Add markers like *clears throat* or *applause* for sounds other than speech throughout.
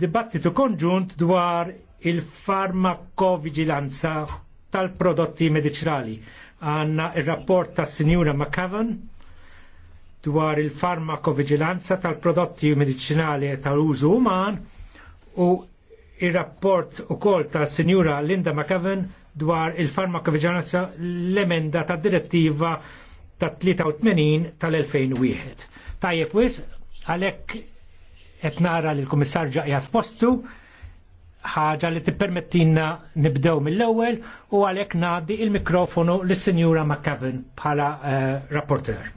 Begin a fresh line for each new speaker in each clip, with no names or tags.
dibattitu konġunt dwar il-farmakovigilanza tal-prodotti medicinali. Għanna il-rapport ta' Signora McCavan dwar il-farmakovigilanza tal-prodotti medicinali tal-użu uman u il-rapport u kol ta' Signora Linda McCavan dwar il-farmakovigilanza l-emenda ta' direttiva ta' 83 tal-2001. Tajjeb wis, għalek qed nara li l-Kummissar ġaqja f'postu ħaġa li t-permettina nibdew mill-ewwel u għalhekk ngħaddi il-mikrofonu lis-Sinjura McCavin bħala uh, eh, rapporteur.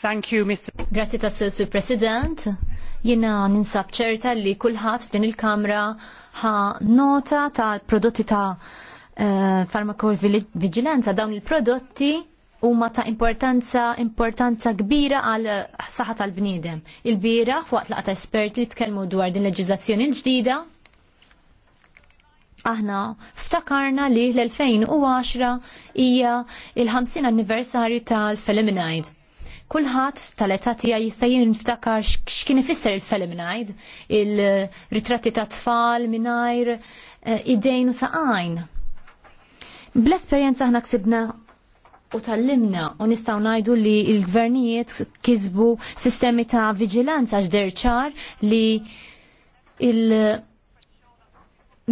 Thank you, Mr. Grazie tas President. Jena ninsab ċerta li kulħadd f'din il-Kamra ħa nota ta' prodotti eh, ta' farmakovigilanza dawn il-prodotti huma ta' importanza importanza kbira għal saħħa tal-bniedem. Il-bira waqt laqta esperti tkellmu dwar din leġiżlazzjoni l-ġdida. Aħna ftakarna li l-2010 hija il-50 anniversarju tal-Feliminide. Kulħadd tal-età tiegħi jista' jinftakar x'kien ifisser il-Feliminide, il-ritratti ta' tfal mingħajr eh, idejn u saqajn. Bl-esperjenza aħna ksibna u tal-limna u nistaw najdu li il-gvernijiet kizbu sistemi ta' vigilanza ċar li il-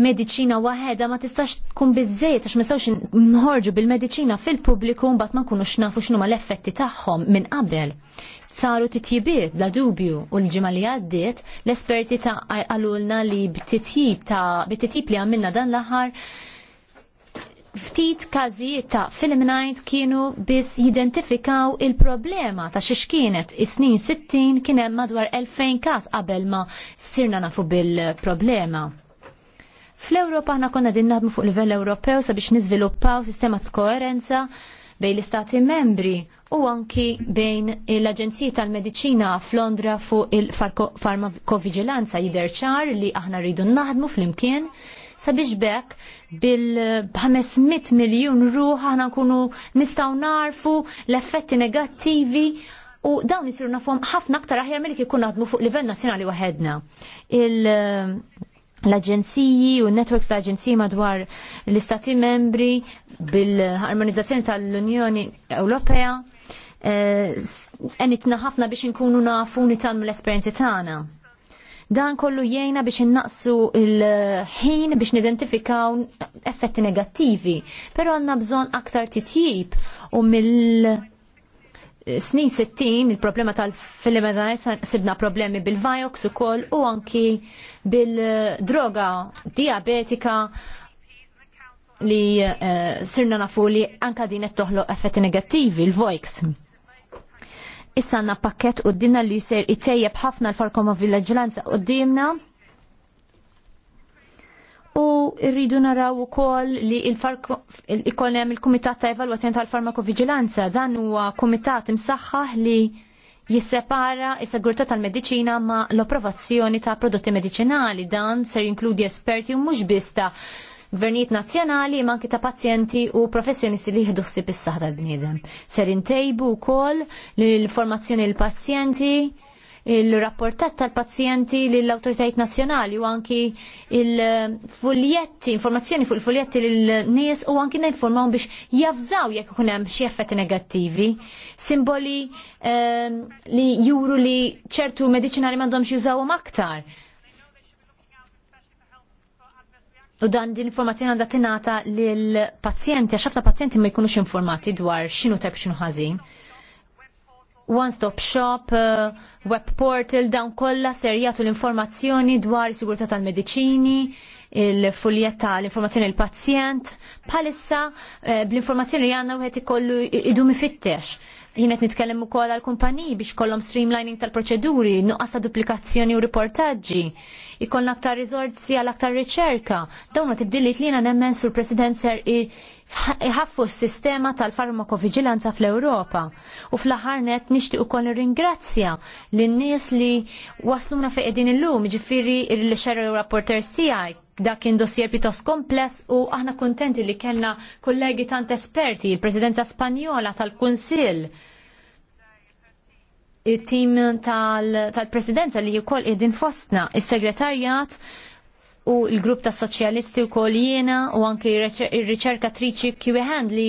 medicina waħeda ma tistax tkun bizzejt għax ma nħorġu bil-medicina fil-pubbliku mbagħad ma nkunux xnu ma l-effetti tagħhom minn qabel. Saru titjibiet la dubju u l-ġimgħa li għaddiet l-esperti ta' għalulna li bittitjib ta' b'titjib li għamilna dan l-aħħar ftit każijiet ta' filmnajt kienu biss jidentifikaw il-problema ta' xiex kienet. Is-snin 60 kien hemm madwar 2000 każ qabel ma sirna nafu bil-problema. Fl-Ewropa aħna konna din naħdmu fuq livell Ewropew sabiex niżviluppaw sistema ta' koerenza bejn l-istati membri u anki bejn l-Aġenziji tal-Mediċina f'Londra fuq il-farmakovigilanza jidher ċar li aħna rridu naħdmu flimkien sabiex bekk bil-500 miljun ruħ aħna nkunu nistgħu narfu l-effetti negattivi u dawn isiru nafhom ħafna aktar aħjar milli kikun naħdmu fuq livell nazzjonali waħedna. Il- l-aġenziji u networks ta' aġenziji madwar l-istati membri bil harmonizzazzjoni tal-Unjoni Ewropea Eh, enitna ħafna biex nkunu nafu nitalmu l-esperienzi tagħna. Dan kollu jgħina biex innaqsu il-ħin biex nidentifikaw effetti negattivi, pero għanna bżon aktar titjib u mill snin 60 il-problema tal-filma sibna problemi bil-vajoks u koll u anki bil-droga diabetika li uh, sirna nafu li anka din qed toħloq effetti negattivi, il-voiks. Issa għandna pakket u li jisir itejjeb ħafna l farkoma ma' villaġġlanza u U rridu naraw ukoll li il-ikon hemm il-Kumitat ta' Evalwazzjoni tal-Farmakovigilanza dan huwa kumitat imsaħħaħ li jissepara is-segurtà tal-mediċina ma' l-approvazzjoni ta' prodotti medicinali. dan ser jinkludi esperti u mhux biss ta' gvernijiet nazzjonali ma ta' pazjenti u professjonisti li jieħdu ħsieb is-saħħa tal-bniedem. Ser intejbu wkoll l informazzjoni l-pazjenti il-rapportat tal-pazjenti lill awtoritajiet nazzjonali u anki il-fuljetti, informazzjoni fuq il-fuljetti lill-nies u anki ninformaw biex jafżaw jekk ikun hemm xi effetti negattivi. Simboli ehm, li juru li ċertu mediċinari m'għandhomx jużawhom aktar U dan din informazzjoni għandha tingħata lil pazjenti għax ħafna pazjenti ma jkunux informati dwar x'inhu tajb x'inhu ħażin. One stop shop, uh, web portal, dawn kollha ser jagħtu l-informazzjoni dwar is-sigurtà tal-mediċini, il fuljetta l informazzjoni l pazjent bħalissa uh, bl-informazzjoni li għandna wieħed ikollu idu mifittex jienet nitkellem ukoll għal kumpaniji biex kollhom streamlining tal-proċeduri, nuqqas ta' duplikazzjoni u riportaġġi, ikollna aktar rizorsi għal aktar riċerka. Dawn ma tibdillit li jena nemmen sur President ser iħaffu s-sistema tal-farmakovigilanza fl-Ewropa. U fl-aħħar net u ukoll ringrazzja lin-nies li wasluna fejn qegħdin illum, ġifieri l-xerru rapporters tiegħi dak kien dossier pjuttost kompless u aħna kuntenti li kellna kollegi tant esperti, il-Presidenza Spanjola tal-Kunsill il-tim tal-presidenza li jkoll id-din fostna, il-segretarjat u il-grupp ta' soċjalisti u jena u anki il-riċerkatriċi Kiwehand li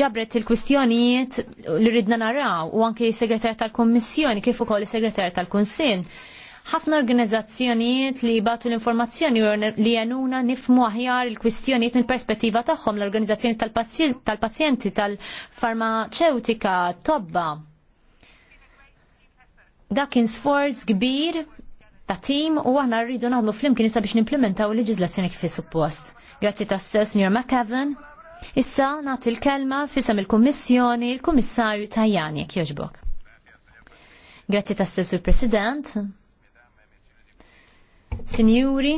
ġabret il-kwistjonijiet li ridna naraw u anki il segretarjat tal-kommissjoni kif ukoll il segretarjat tal-kunsil. ħafna organizzazzjonijiet li batu l-informazzjoni li jenuna nifmu aħjar il-kwistjonijiet mill-perspettiva tagħhom l-organizzazzjoni tal-pazjenti tal-farmaceutika tobba Dakin sforz kbir ta' tim u aħna rridu naħdmu flimkien issa biex nimplementaw il leġizlazzjoni kif suppost. Grazzi ta' Sr. McCavan. Issa nagħti l-kelma fisem il-Kummissjoni il-Kummissarju Tajani jekk jogħġbok. Grazzi ta' Sr. President. Signuri,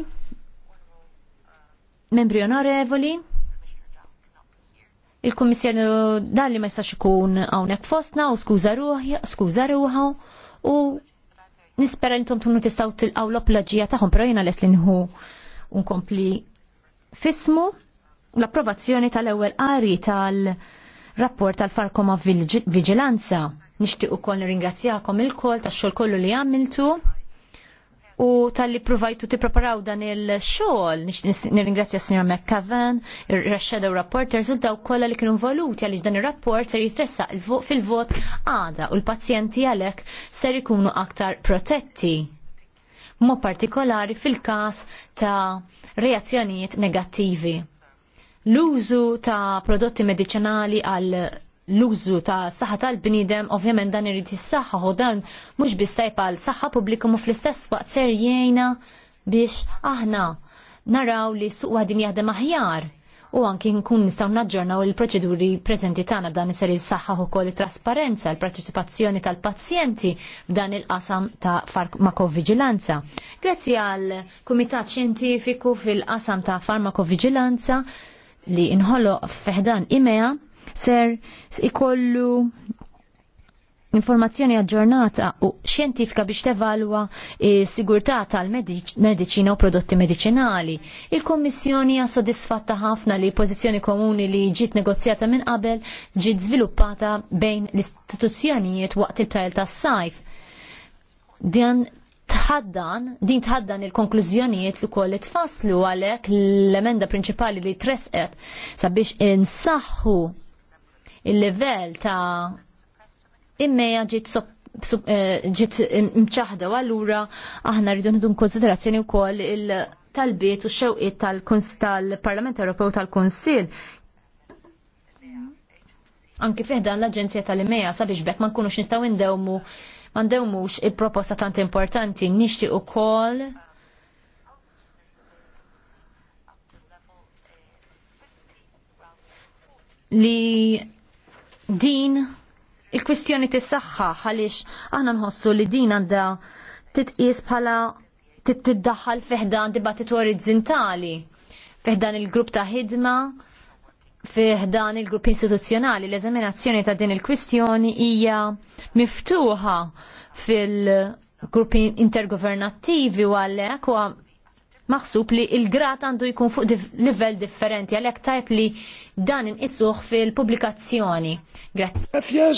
membri onorevoli, il-Kummissjoni dalli ma jistax ikun hawnhekk fostna u skuża ruħi, skuża ruħu u nispera li tomtum tistaw tilqaw l-oploġija taħħom, pero jena les li nħu unkompli fismu l-approvazzjoni tal-ewel qari tal-rapport tal farkoma vigilanza. Nishtiq u koll ringrazzjakom il kol tax-xol kollu li għamiltu u tal-li provajtu preparaw dan il-xogħol. Nirringrazzja s-Sinjor McCavan, ir-Shadow Reporters u daw li kienu voluti għaliex dan ir-rapport ser jitressaq fil-vot għada u l-pazjenti għalhekk ser ikunu aktar protetti. Mo partikolari fil-każ ta' reazzjonijiet negattivi. L-użu ta' prodotti medicinali għal l-użu ta' saħħa tal-bnidem, ovvjament dan irid is-saħħa, u dan mhux biss tajpa l saħħa pubblika mu fl-istess waqt ser jgħinna biex aħna naraw li suq din jaħdem aħjar u anki nkun nistgħu naġġornaw il-proċeduri preżenti tagħna dan iser jissaħħaħ ukoll it-trasparenza, l-parteċipazzjoni tal-pazjenti f'dan il-qasam ta' farmakovigilanza. Grazzi għal Kumitat Xjentifiku fil-qasam ta' farmakovigilanza li inħolo f'ħdan imea ser ikollu informazzjoni aġġornata u xjentifika biex tevalwa sigurtà tal-mediċina u prodotti mediċinali. Il-Kommissjoni ha sodisfatta ħafna li pożizzjoni komuni li ġiet negozjata minn qabel ġiet żviluppata bejn l-istituzzjonijiet waqt il-tajl tas-sajf. Dan tħaddan, din tħaddan il-konklużjonijiet li kolli tfasslu għalhekk l-emenda prinċipali li tresqet sabiex insaħħu il-livell ta' immeja ġiet eh, ġiet mċaħda għallura aħna rridu nħidu konsiderazzjoni wkoll il-talbiet u xewqiet tal-Parlament Ewropew tal-Kunsill anki fiħdan l-Aġenzija tal-Imeja sabiex bekk ma nkunux nistgħu ndewmu ma ndewmux il-proposta tant importanti nixtieq ukoll li din il-kwistjoni tis-saħħa għaliex aħna nħossu li din għandha titqis bħala tiddaħħal fiħdan dibattitu orizzontali, fiħdan il-grupp ta' ħidma, fiħdan il-grupp istituzzjonali. L-eżaminazzjoni ta' din il-kwistjoni hija miftuħa fil-gruppi intergovernattivi u għalhekk u maħsub li il-grat għandu jkun fuq livell differenti għalhekk tajb li dan inqisuh fil-pubblikazzjoni. Grazie. Grazie,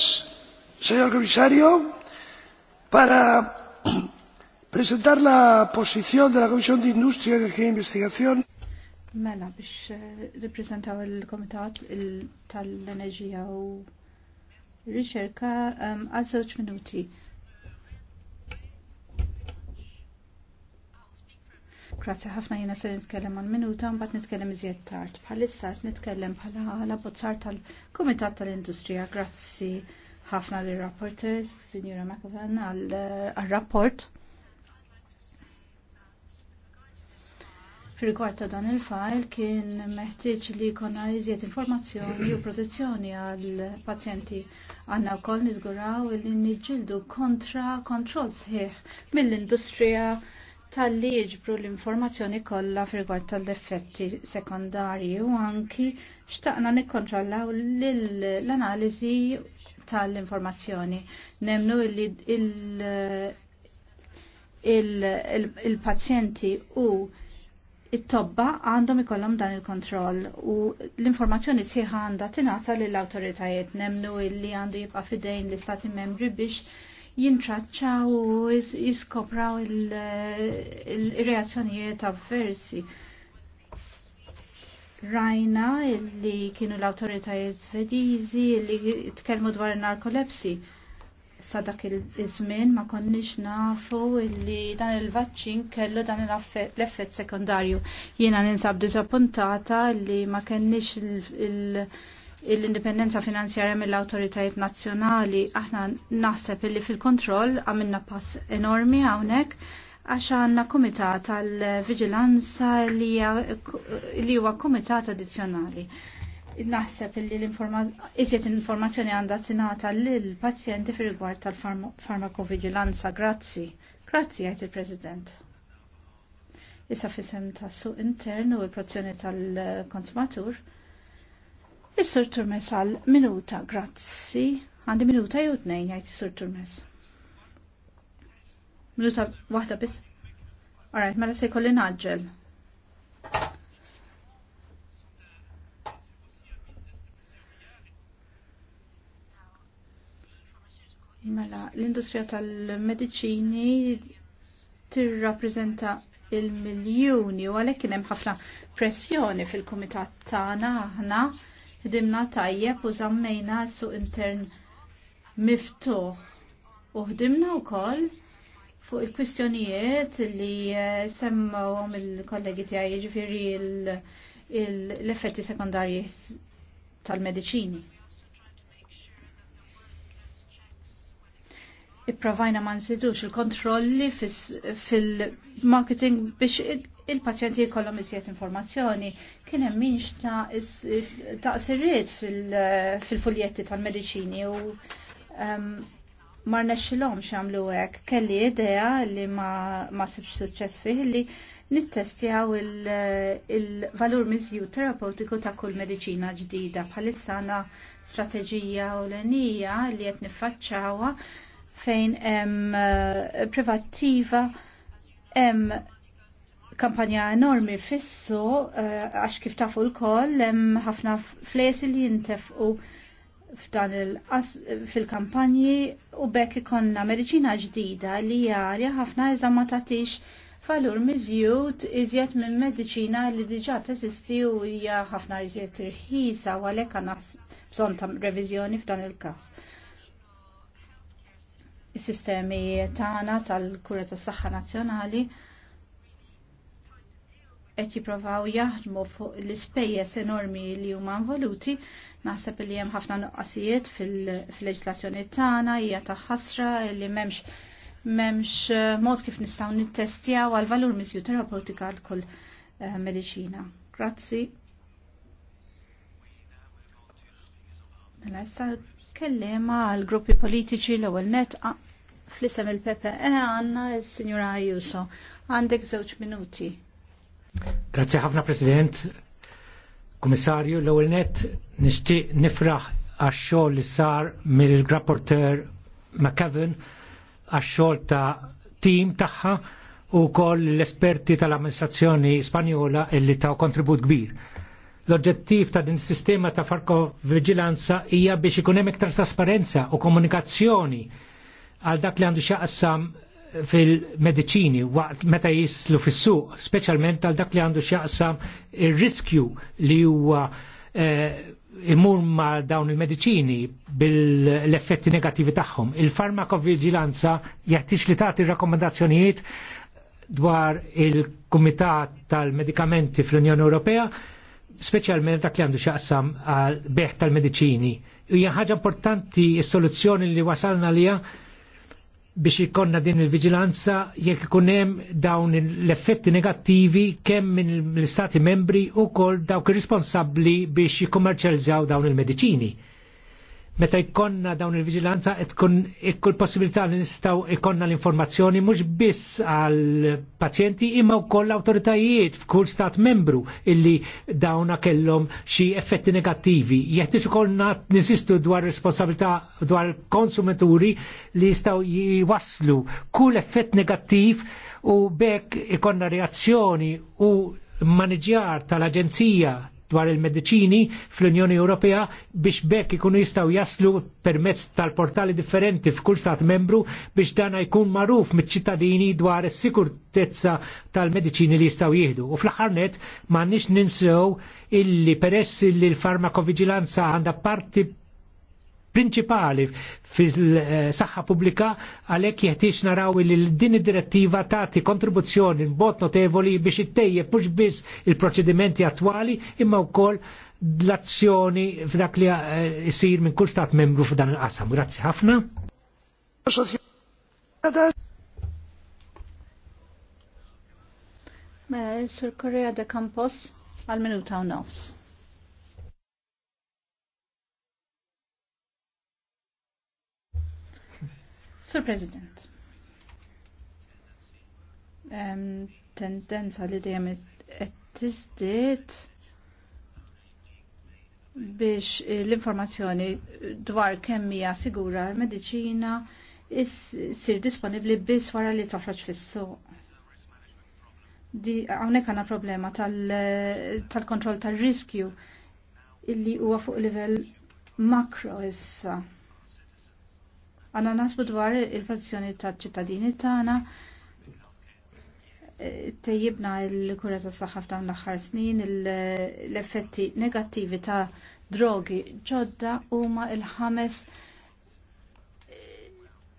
signor
Commissario, para *clears throat* presentar la posizjon della Commissione di Industria, Energia e Investigazione.
Mela, biex eh, riprezentaw il komitat tal enerġija u Riċerka għal żewġ minuti. Grazzi ħafna jiena se nitkellem għal minuta mbagħad nitkellem iżjed tard. Bħalissa qed nitkellem bħala l-abbozzar tal-Kumitat tal-Industrija. Grazzi ħafna lir rapporters Sinjura McAvan għal-rapport. Eh, fir rigward ta' dan il-fajl kien meħtieġ li jkollna iżjed informazzjoni u protezzjoni għal pazjenti għandna wkoll niżguraw li niġġieldu kontra kontroll sħiħ mill-industrija tal-li jġbru l-informazzjoni kollha f'rigward tal-effetti sekondarji u anki xtaqna nikkontrollaw l-analiżi tal-informazzjoni. Nemnu li il-pazjenti u it-tobba għandhom ikollhom dan il-kontroll u l-informazzjoni sieħa għandha tingħata lill-awtoritajiet nemnu illi għandu jibqa' fidejn l-istati membri biex jintraċċaw u jiskopraw il-reazzjonijiet avversi. Rajna li kienu l-autoritajiet svedizi li tkellmu dwar narkolepsi sa dak iż-żmien ma konniex nafu li dan il-vaċċin kellu dan l-effett sekundarju. Jiena ninsab diżappuntata li ma kenniex l-indipendenza finanzjarja mill-autoritajiet nazzjonali, aħna naħseb illi fil-kontroll għamilna pass enormi hawnhekk għax għanna komitat tal-vigilanza li huwa komitat addizzjonali. Naħseb li l informazzjoni għandha tingħata lill-pazjenti fir-rigward tal-farmakovigilanza. Grazzi. Grazzi għajt il-President. Issa fisem tas-suq intern u l-prozzjoni tal-konsumatur sur Turmes għal minuta, grazzi. Għandi minuta jew tnejn jgħid is-Sur Turmes. Minuta waħda biss. Alright, mela se jkolli naġġel. Mela, l-industrija tal-medicini tirrappreżenta il-miljuni u għalhekk kien hemm ħafna pressjoni fil-kumitat tagħna aħna ħdimna tajjeb u zammejna suq intern miftuħ u ħdimna u koll fuq il-kwistjonijiet li eh, semmawhom il-kollegi tiegħi jiġifieri l-effetti sekondarji tal-mediċini. Ipprovajna ma nsidux il-kontrolli fil-marketing biex il-pazjenti jkollhom iżjed informazzjoni. Kien hemm minx ta' sirriet fil-fuljetti tal-mediċini u ehm, ma rnexxilhom x'għamlu hekk. Kelli idea li ma ma sibx suċċess fih li nittestjaw il-valur mizju terapeutiku ta' kull mediċina ġdida bħalissana strategija strateġija u l-enija li qed niffaċċawha fejn hemm eh, privattiva hemm kampanja enormi fissu eh, għax kif tafu l-koll hemm ħafna fles li jintefqu f'dan fil-kampanji u bekk ikonna mediċina ġdida li jarja ħafna iżda ma tagħtix valur miżjud iżjed minn mediċina li diġà teżisti u hija ħafna iżjed irħisa u għalhekk għandna bżonn ta' reviżjoni f'dan il-każ is-sistemi tagħna tal-kura tas-saħħa nazzjonali qed jipprovaw jaħdmu fuq l-ispejjeż enormi li huma involuti, naħseb li hemm ħafna nuqqasijiet fil-leġislazzjoni tagħna hija ta' ħasra li m'hemmx m'hemmx eh, mod kif nistgħu nittestjaw għal valur miżju terapeutika għal kull eh, mediċina. Grazzi. Mela issa kellema għall gruppi politiċi l-ewwel netqa fl-isem il-PPE għandna s-Sinjura Ajuso. Għandek żewġ minuti.
Grazie ħafna President. Komissarju, l-ewwel net nixtieq nifraħ għax-xogħol li sar mill-rapporter McKevin għax-xogħol ta' tim tagħha u koll l-esperti tal-amministrazzjoni Spanjola illi taw kontribut kbir. L-oġġettiv ta' din sistema ta' farko hija biex ikun hemm iktar trasparenza u komunikazzjoni għal dak li għandu xaqsam fil-medicini waqt meta jislu fis-suq, speċjalment għal dak li għandu x'jaqsam ir-riskju li huwa eh, imur ma' dawn il-medicini bil-effetti negativi tagħhom. Il-farmakovigilanza jaħtix li tagħti rakkomandazzjonijiet dwar il-Kumitat tal-Medikamenti fl-Unjoni Ewropea, speċjalment dak li għandu x'jaqsam għal beħ tal-medicini. Hija ħaġa importanti s-soluzzjoni li wasalna liha biex ikonna din il-vigilanza jekk ikun hemm dawn l-effetti negattivi kemm minn l-istati membri u kol dawk ir responsabbli biex jikkommerċjalizzaw dawn il-mediċini meta jkonna dawn il-vigilanza tkun ikkul e possibilità li nistaw ikonna l-informazzjoni mhux biss għal pazjenti imma wkoll l awtoritajiet f'kull stat membru illi dawna kellhom xi effetti negattivi. Jeħtieġ ukoll nisistu dwar responsabilità dwar konsumaturi li jistgħu jwaslu kull effett negattiv u bekk ikonna reazzjoni u maniġjar tal-Aġenzija dwar il-mediċini fl-Unjoni Ewropea biex bekk ikunu jistaw jaslu permezz tal-portali differenti f'kull stat membru biex dana jkun maruf mit-ċittadini dwar is-sikurtezza tal-mediċini li jistaw jieħdu. U fl-ħarnet ma nix ninsew illi peress li l-farmakovigilanza għanda parti prinċipali fil-saħħa pubblika għalhekk jeħtieġ naraw li din id-direttiva tagħti kontribuzzjoni bot notevoli biex ittejjeb mhux biss il-proċedimenti attwali imma wkoll l-azzjoni f'dak li jsir eh, minn kull stat membru f'dan il-qasam. Grazzi ħafna.
Mela, Sur Korea de Campos għal minuta u nofs. Sur President, um, tendenza li dejjem qed tiżdied biex l-informazzjoni dwar kemm hija sigura l-mediċina issir disponibbli biss wara li toħroġ fis-suq. Di hawnhekk għandna problema tal-kontroll tal tar-riskju illi huwa fuq livell makro issa Għanna nasbu dwar il frazzjoni ta' ċittadini tagħna e, tejjibna l-kura ta' saħħa f'dawn l-aħħar snin l-effetti negattivi ta' drogi ġodda huma il-ħames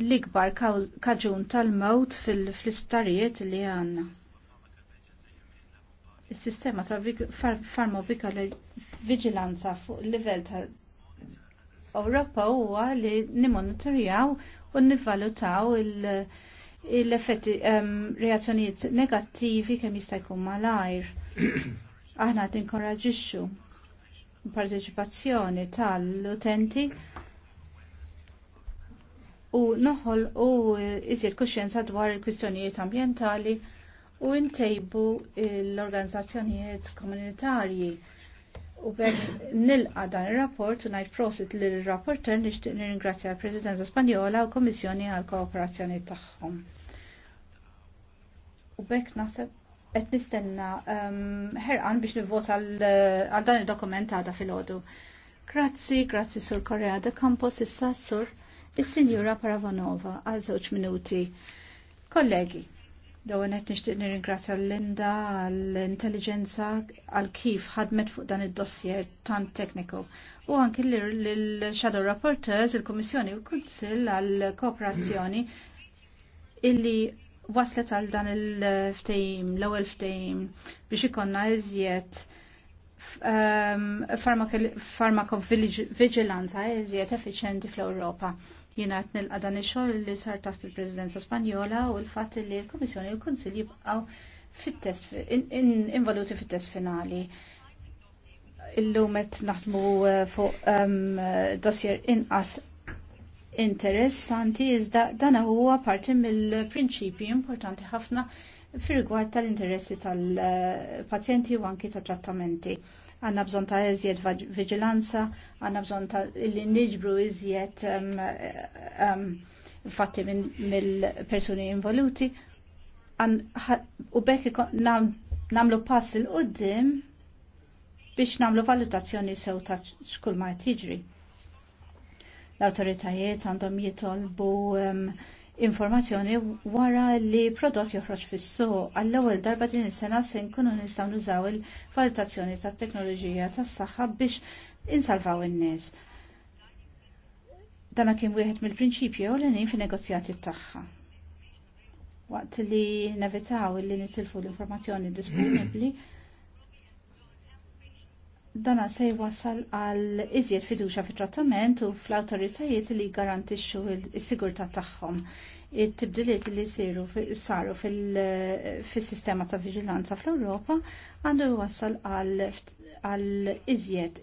l-ikbar kaġun tal-mewt fl-isptarijiet li għanna. Is-sistema ta' farmovika vigilanza fuq il livell Ewropa huwa li nimonitorjaw u nivvalutaw l-effetti reazzjonijiet negattivi kemm jista' jkun malajr. *coughs* Aħna qed inkoraġixxu parteċipazzjoni tal-utenti u noħol u iżjed kuxjenza dwar il-kwistjonijiet ambjentali u ntejbu l-organizzazzjonijiet komunitarji U bekk nilqa dan il-rapport u najt prosit li l-rapporter nishtiq nirringrazzja l-Presidenza Spanjola u Komissjoni għal kooperazzjoni tagħhom. U bekk naħseb qed nistenna ehm, ħerqan biex nivvota għal dan il-dokument għada fil-ħodu. Grazzi, grazzi Sur Korea de Campos, issa Sur is-Sinjura Paravanova għal żewġ minuti. Kollegi, Dawenet nixtieq nirringrazzja Linda għall-intelligenza għal kif ħadmet fuq dan id-dossier tant tekniku u anki l-Shadow Rapporteurs, il-Kommissjoni u l-Kunsill għall-Kooperazzjoni illi waslet għal dan il-ftejim, l-ewwel ftejim biex ikonna iżjed ehm, farmakovigilanza iżjed effiċenti fl-Ewropa. Jina għat nilqa dan il-xogħol li sar taħt il-Presidenza Spanjola u l fat li l-Kummissjoni u l-Kunsil jibqgħu fit-test involuti fit-test finali. Illum qed naħdmu uh, fuq um, uh, dossier inqas interessanti iżda dan huwa parti mill-prinċipji importanti ħafna fir-rigward tal-interessi tal-pazjenti uh, u anki tat-trattamenti għanna bżon ta' eżjed vigilanza, għanna bżon ta' li nġbru eżjed um, um, fatti mill-personi involuti. u bekk nam, namlu pass il-qoddim biex namlu valutazzjoni sew ta' xkull ma' tiġri. L-autoritajiet għandhom jitolbu um, informazzjoni wara li prodott joħroġ fis-suq. Għall-ewwel darba din is-sena se nkunu nistgħu nużaw il-valutazzjoni tat-teknoloġija tas-saħħa biex insalvaw in-nies. Dana kien wieħed mill-prinċipju ewlenin fin-negozjati tagħha. Waqt li nevitaw li nitilfu l-informazzjoni disponibbli dana se jwasal għal iżjed fiduċa fit trattament u fl-autoritajiet li garantixxu s-sigurtà tagħhom. It-tibdiliet li siru saru fil-sistema ta' vigilanza fl-Ewropa għandu jwassal għal iżjed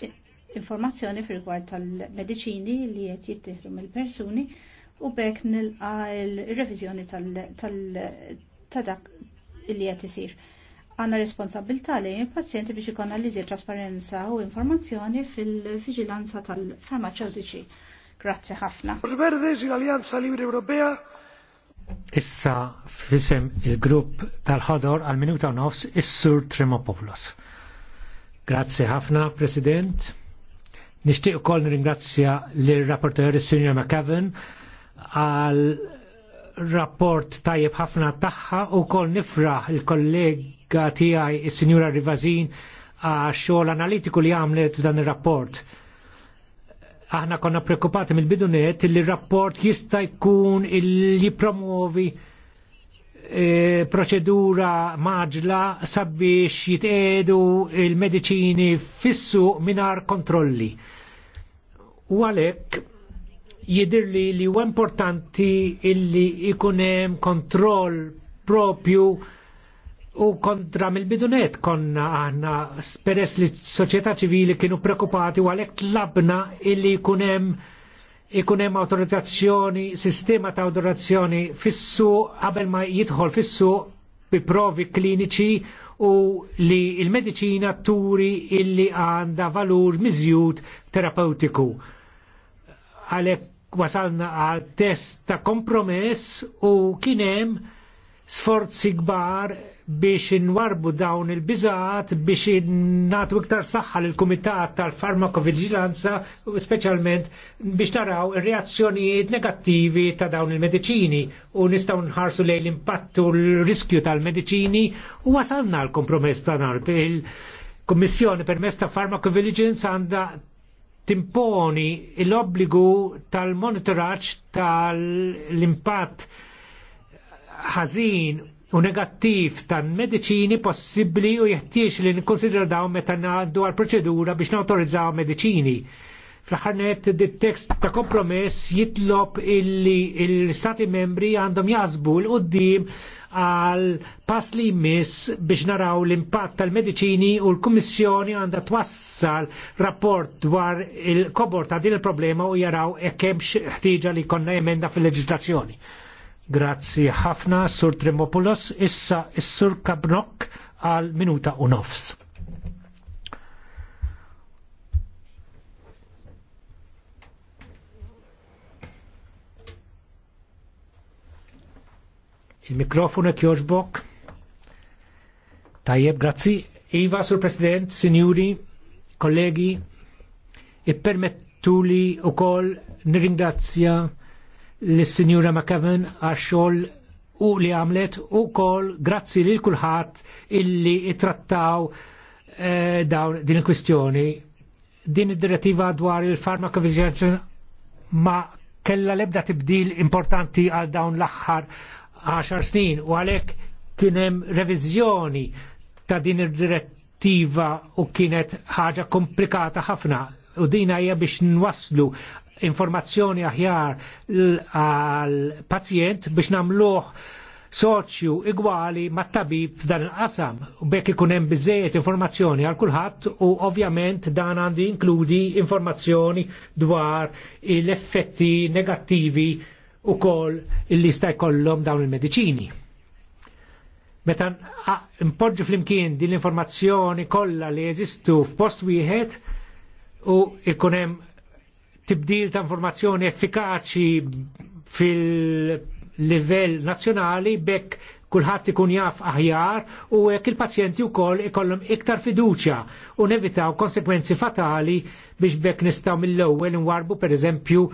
informazzjoni fil-rigward tal-mediċini li qed jittieħdu mill-persuni u bekk nilqa' il-reviżjoni tal-dak li qed isir għanna responsabilta li il-pazjenti biex ikonna li trasparenza u informazzjoni fil-vigilanza tal-farmaceutiċi. Grazie ħafna.
Verdes l alianza Libre
Europea. Issa fisem il-grupp tal-ħodor għal-minuta nofs is-Sur Tremopoulos. Grazie ħafna, President. Nishtiq ukoll nirringrazzja l-rapporteur Senior McAvan għal rapport tajjeb ħafna taħħa u kol nifraħ il-kolleg kollega tiegħi is-Sinjura Rivazin għax xogħol analitiku li għamlet dan ir-rapport. Aħna konna preoccupati mill-bidunet li r-rapport jista' jkun li promuovi e, eh, proċedura maġla sabiex jitqedu il-mediċini fissu minar kontrolli. U għalek jidirli li u importanti illi ikunem kontroll propju U kontra mill-bidunet konna għanna peress li soċjetà ċivili kienu prekupati u għalek tlabna illi kunem ikunem autorizzazzjoni, sistema ta' autorizzazzjoni fissu qabel ma jidħol fissu bi provi kliniċi u li il-medicina turi illi għanda valur miżjud terapeutiku. Għalek wasalna għal test ta' kompromess u kienem sforzi gbar biex inwarbu dawn il-biżat biex natu iktar saħħa l kumitat tal-farmakovigilanza, specialment biex taraw reazzjonijiet negattivi ta' dawn il-medicini u nistaw nħarsu lej l-impattu l-riskju tal-medicini u wasalna l-kompromess dan il-Kommissjoni permess ta' farmakovigilanza għanda timponi l-obbligu tal-monitoraċ tal-impatt ħażin u negattiv tan mediċini possibbli u jeħtiex li nikkonsidra dawn meta ngħaddu għal proċedura biex nawtorizzaw mediċini. Fl-ħarnet dit-tekst ta' kompromess jitlob illi l-Stati membri għandhom jażbu l-qoddim għal pass li jmiss biex naraw l-impatt tal-mediċini u l-Kummissjoni għandha twassal rapport dwar il-kobor ta' din il-problema u jaraw ekkemx ħtiġa li konna emenda fil-leġislazzjoni. Grazzi ħafna, Sur Tremopoulos, issa Sur Kabnok għal minuta u nofs. Il-mikrofonu kjoġbok. Tajjeb, grazzi. Iva, Sur President, Signori, kollegi, i permettuli u kol nirringrazzja l-Sinjura McKevin għaxxol u li għamlet u kol grazzi li l-kulħat illi ittrattaw eh, dawn din il-kwistjoni. Din id-direttiva dwar il farmakovigilanza ma kella lebda tibdil importanti għal dawn l-axħar 10 snin u għalek kienem revizjoni ta' din id-direttiva u kienet ħaġa komplikata ħafna u dina hija biex nwaslu informazzjoni aħjar għal pazjent biex namluħ soċju igwali ma' tabib f'dan il-qasam u bekk ikun hemm biżejjed informazzjoni għal kulħadd u ovvjament dan għandi inkludi informazzjoni dwar l-effetti negattivi u kol li sta jkollhom dawn il-mediċini. Meta fl flimkien din l-informazzjoni kollha li jeżistu f'post wieħed u ikun hemm tibdil ta' informazzjoni effikaċi fil-livell nazzjonali bekk kulħadd ikun jaf aħjar u hekk il-pazjenti wkoll ikollhom iktar fiduċja u nevitaw konsekwenzi fatali biex bekk nistgħu mill-ewwel nwarbu pereżempju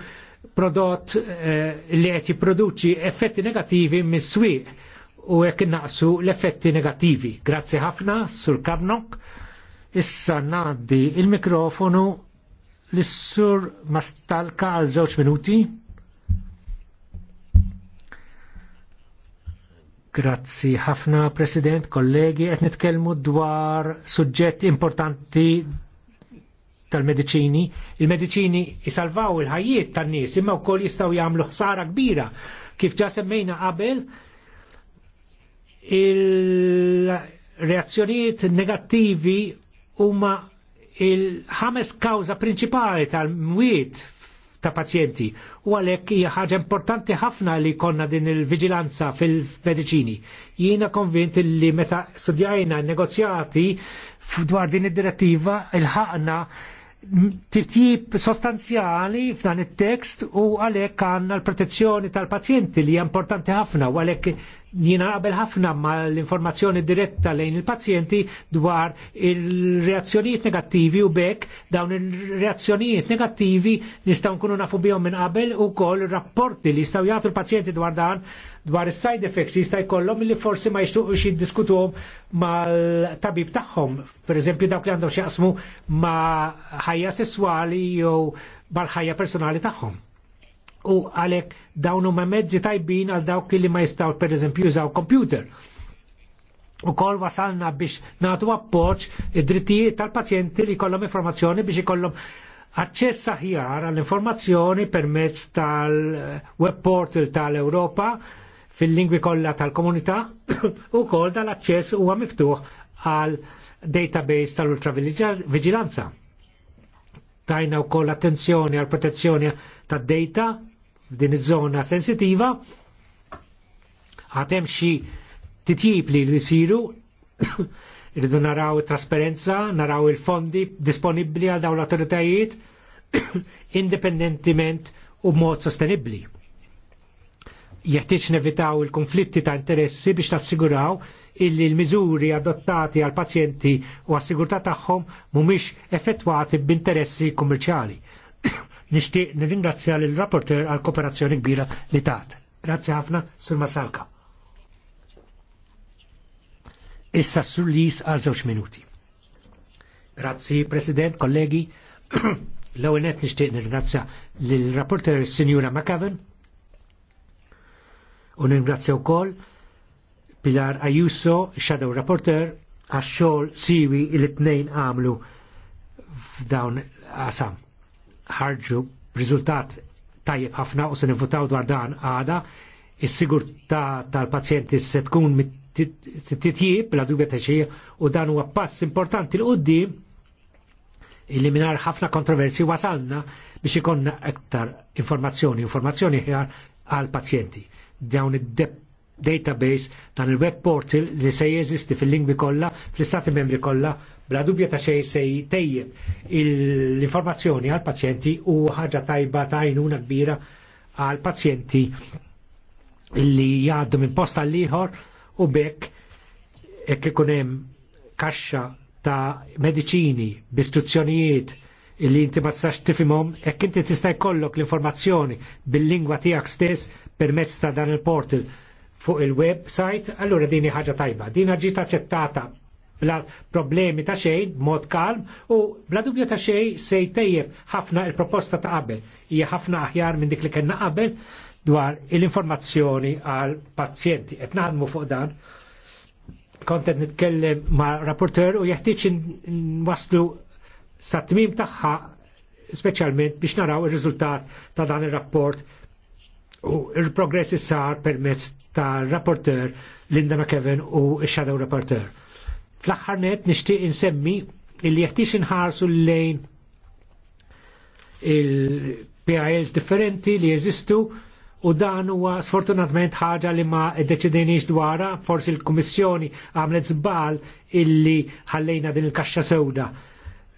prodott eh, li qed jipproduċi effetti negattivi mis-swieq u hekk innaqsu l-effetti negattivi. Grazzi ħafna sur Karnok. Issa ngħaddi il-mikrofonu L-sur Mastalka għal żewġ minuti. Grazzi ħafna, President, kollegi, qed nitkellmu dwar suġġett importanti tal-mediċini. Il-mediċini jisalvaw il-ħajiet tan-nies, imma wkoll jistgħu jagħmlu ħsara kbira. Kif ġa semmejna qabel, il-reazzjonijiet negattivi huma il-ħames kawza prinċipali tal-mwiet ta' pazjenti u għalek hija ħaġa importanti ħafna li konna din il vigilanza fil-mediċini. Jiena konvint li meta studjajna negozjati dwar din id-direttiva il ħakna tip sostanzjali f'dan it-tekst u għalhekk għandna l-protezzjoni tal-pazjenti li hija importanti ħafna u għalhekk Jina qabel ħafna ma l-informazzjoni diretta lejn il-pazjenti dwar il-reazzjonijiet negattivi u bekk dawn il-reazzjonijiet negattivi nistaw nkunu nafu bihom minn qabel u koll rapporti li jistgħu jagħtu l-pazjenti dwar dan dwar is-side effects jista' jkollhom li forsi ma jixtuqux jiddiskutuhom mal-tabib tagħhom. Pereżempju dawk li għandhom x'jaqsmu ma' ħajja sesswali jew mal-ħajja personali tagħhom u għalek dawn huma mezzi tajbin għal dawk li ma jistaw per eżempju jużaw computer. U kol wasalna biex natu appoċ id-drittijiet tal-pazjenti li kollom informazzjoni biex ikollom aċċess aħjar għall-informazzjoni permezz tal-web portal tal-Europa fil-lingwi kollha tal-komunità *coughs* u kol dal-aċċess huwa miftuħ għal database tal-ultravigilanza tajna u koll attenzjoni għal protezzjoni tad data f'din iż-żona sensitiva għatem xi titjib li jisiru rridu *coughs* naraw trasparenza, naraw il-fondi disponibli għal dawn l-autoritajiet *coughs* indipendentiment u mod sostenibli. Jeħtieġ nevitaw il-konflitti ta' interessi biex tassiguraw illi l-miżuri adottati għal pazjenti u għas-sigurtà tagħhom mhumiex effettwati b'interessi kummerċjali. Nixtieq nirringrazzja lill rapporter għal kooperazzjoni kbira li tat. Grazzi ħafna sur Masalka. Issa sur lis għal żewġ minuti. Grazzi President, kollegi. *clears throat* L-ewwel qed nixtieq nirringrazzja lill rapporter Signora McAven u nirringrazzja wkoll Pilar Ayuso, Shadow Rapporter, għax-xogħol siwi il-tnejn għamlu f'dawn qasam ħarġu riżultat tajjeb ħafna u se nivvutaw dwar dan għada, is-sigurtà tal-pazjenti se tkun titjib la dubja ta' u dan huwa pass importanti l qoddim eliminar ħafna kontroversi wasalna biex ikonna aktar informazzjoni, informazzjoni ħjar għal pazjenti. Dawn id database dan il-web portal li se jeżisti fil-lingwi kollha fl-istati membri kollha bla dubja ta' xej se jtejjeb l-informazzjoni għal pazjenti u ħaġa tajba ta' għajnuna kbira għal pazjenti li jgħaddu minn post għal ieħor u bekk hekk ikun hemm kaxxa ta' mediċini, bistruzzjonijiet illi inti ma tistax tifhimhom, hekk inti tista' jkollok l-informazzjoni bil-lingwa tiegħek stess permezz ta' dan il-portal fuq il-website, allura dini ħaġa tajba. Dina ġiet aċċettata bla problemi ta' xejn, mod kalm, u bla dubju ta' xejn se jtejjeb ħafna il-proposta ta' qabel. Hija ħafna aħjar minn dik li kellna qabel dwar il informazzjoni għal pazjenti. Qed naħdmu fuq dan. Kontet nitkellem ma' rapporteur u jeħtieġ waslu sa' tmim tagħha speċjalment biex naraw ir-riżultat ta' dan ir-rapport u il-progress sar permezz ta' rapporter Linda McKevin u shadow rapporter. Fl-axħar net nishtiq insemmi illi jeħtiex inħarsu lejn il-PILs differenti li jeżistu u dan huwa sfortunatament ħaġa li ma deċidinix dwarha, forsi l-Kummissjoni għamlet żball illi ħallejna din il-kaxxa sewda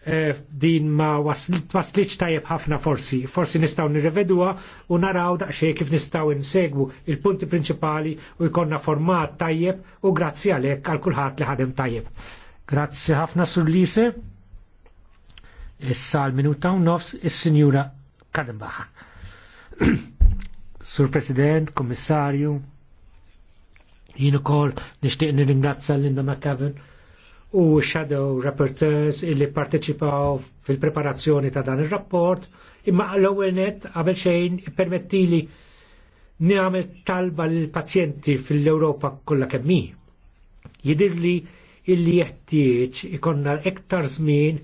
Eh, din ma waslitx tajjeb ħafna forsi. Forsi nistaw nirrevedua u naraw daqxie kif nistaw insegwu il-punti principali u jkonna format tajjeb u grazzi għalek għal kulħadd li ħadem tajjeb. Grazzi ħafna sur Lise. Issa l-minuta u nofs il sinjura Kadenbach. *clears throat* sur President, Kommissarju, kol nishtiqni nixtieq l Linda McCavern u shadow rapporteurs illi parteċipaw fil-preparazzjoni ta' dan il-rapport imma l-ewwel net qabel xejn permettili nagħmel talba lil pazjenti fil-Ewropa kollha kemm hi. Jidirli illi jeħtieġ ikonna iktar żmien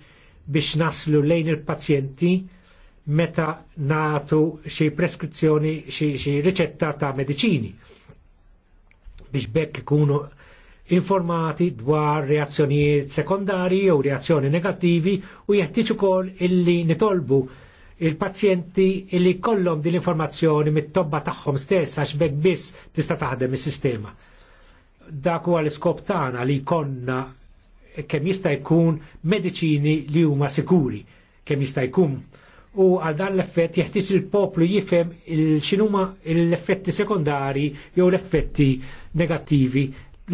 biex naslu lejn il-pazjenti meta natu xi preskrizzjoni xi riċetta ta' mediċini biex bekk ikunu informati dwar reazzjonijiet sekondari jew reazzjoni negattivi u jeħtieġ ukoll illi nitolbu il-pazjenti illi kollom din l-informazzjoni mit-tobba tagħhom stess għax bekk biss tista' taħdem is-sistema. Dak huwa l-iskop tagħna li konna kemm jista' jkun mediċini li huma sikuri kemm jista' jkun u għal dan l-effett jeħtieġ il-poplu jifhem il x'inhuma l-effetti sekondari jew l-effetti negattivi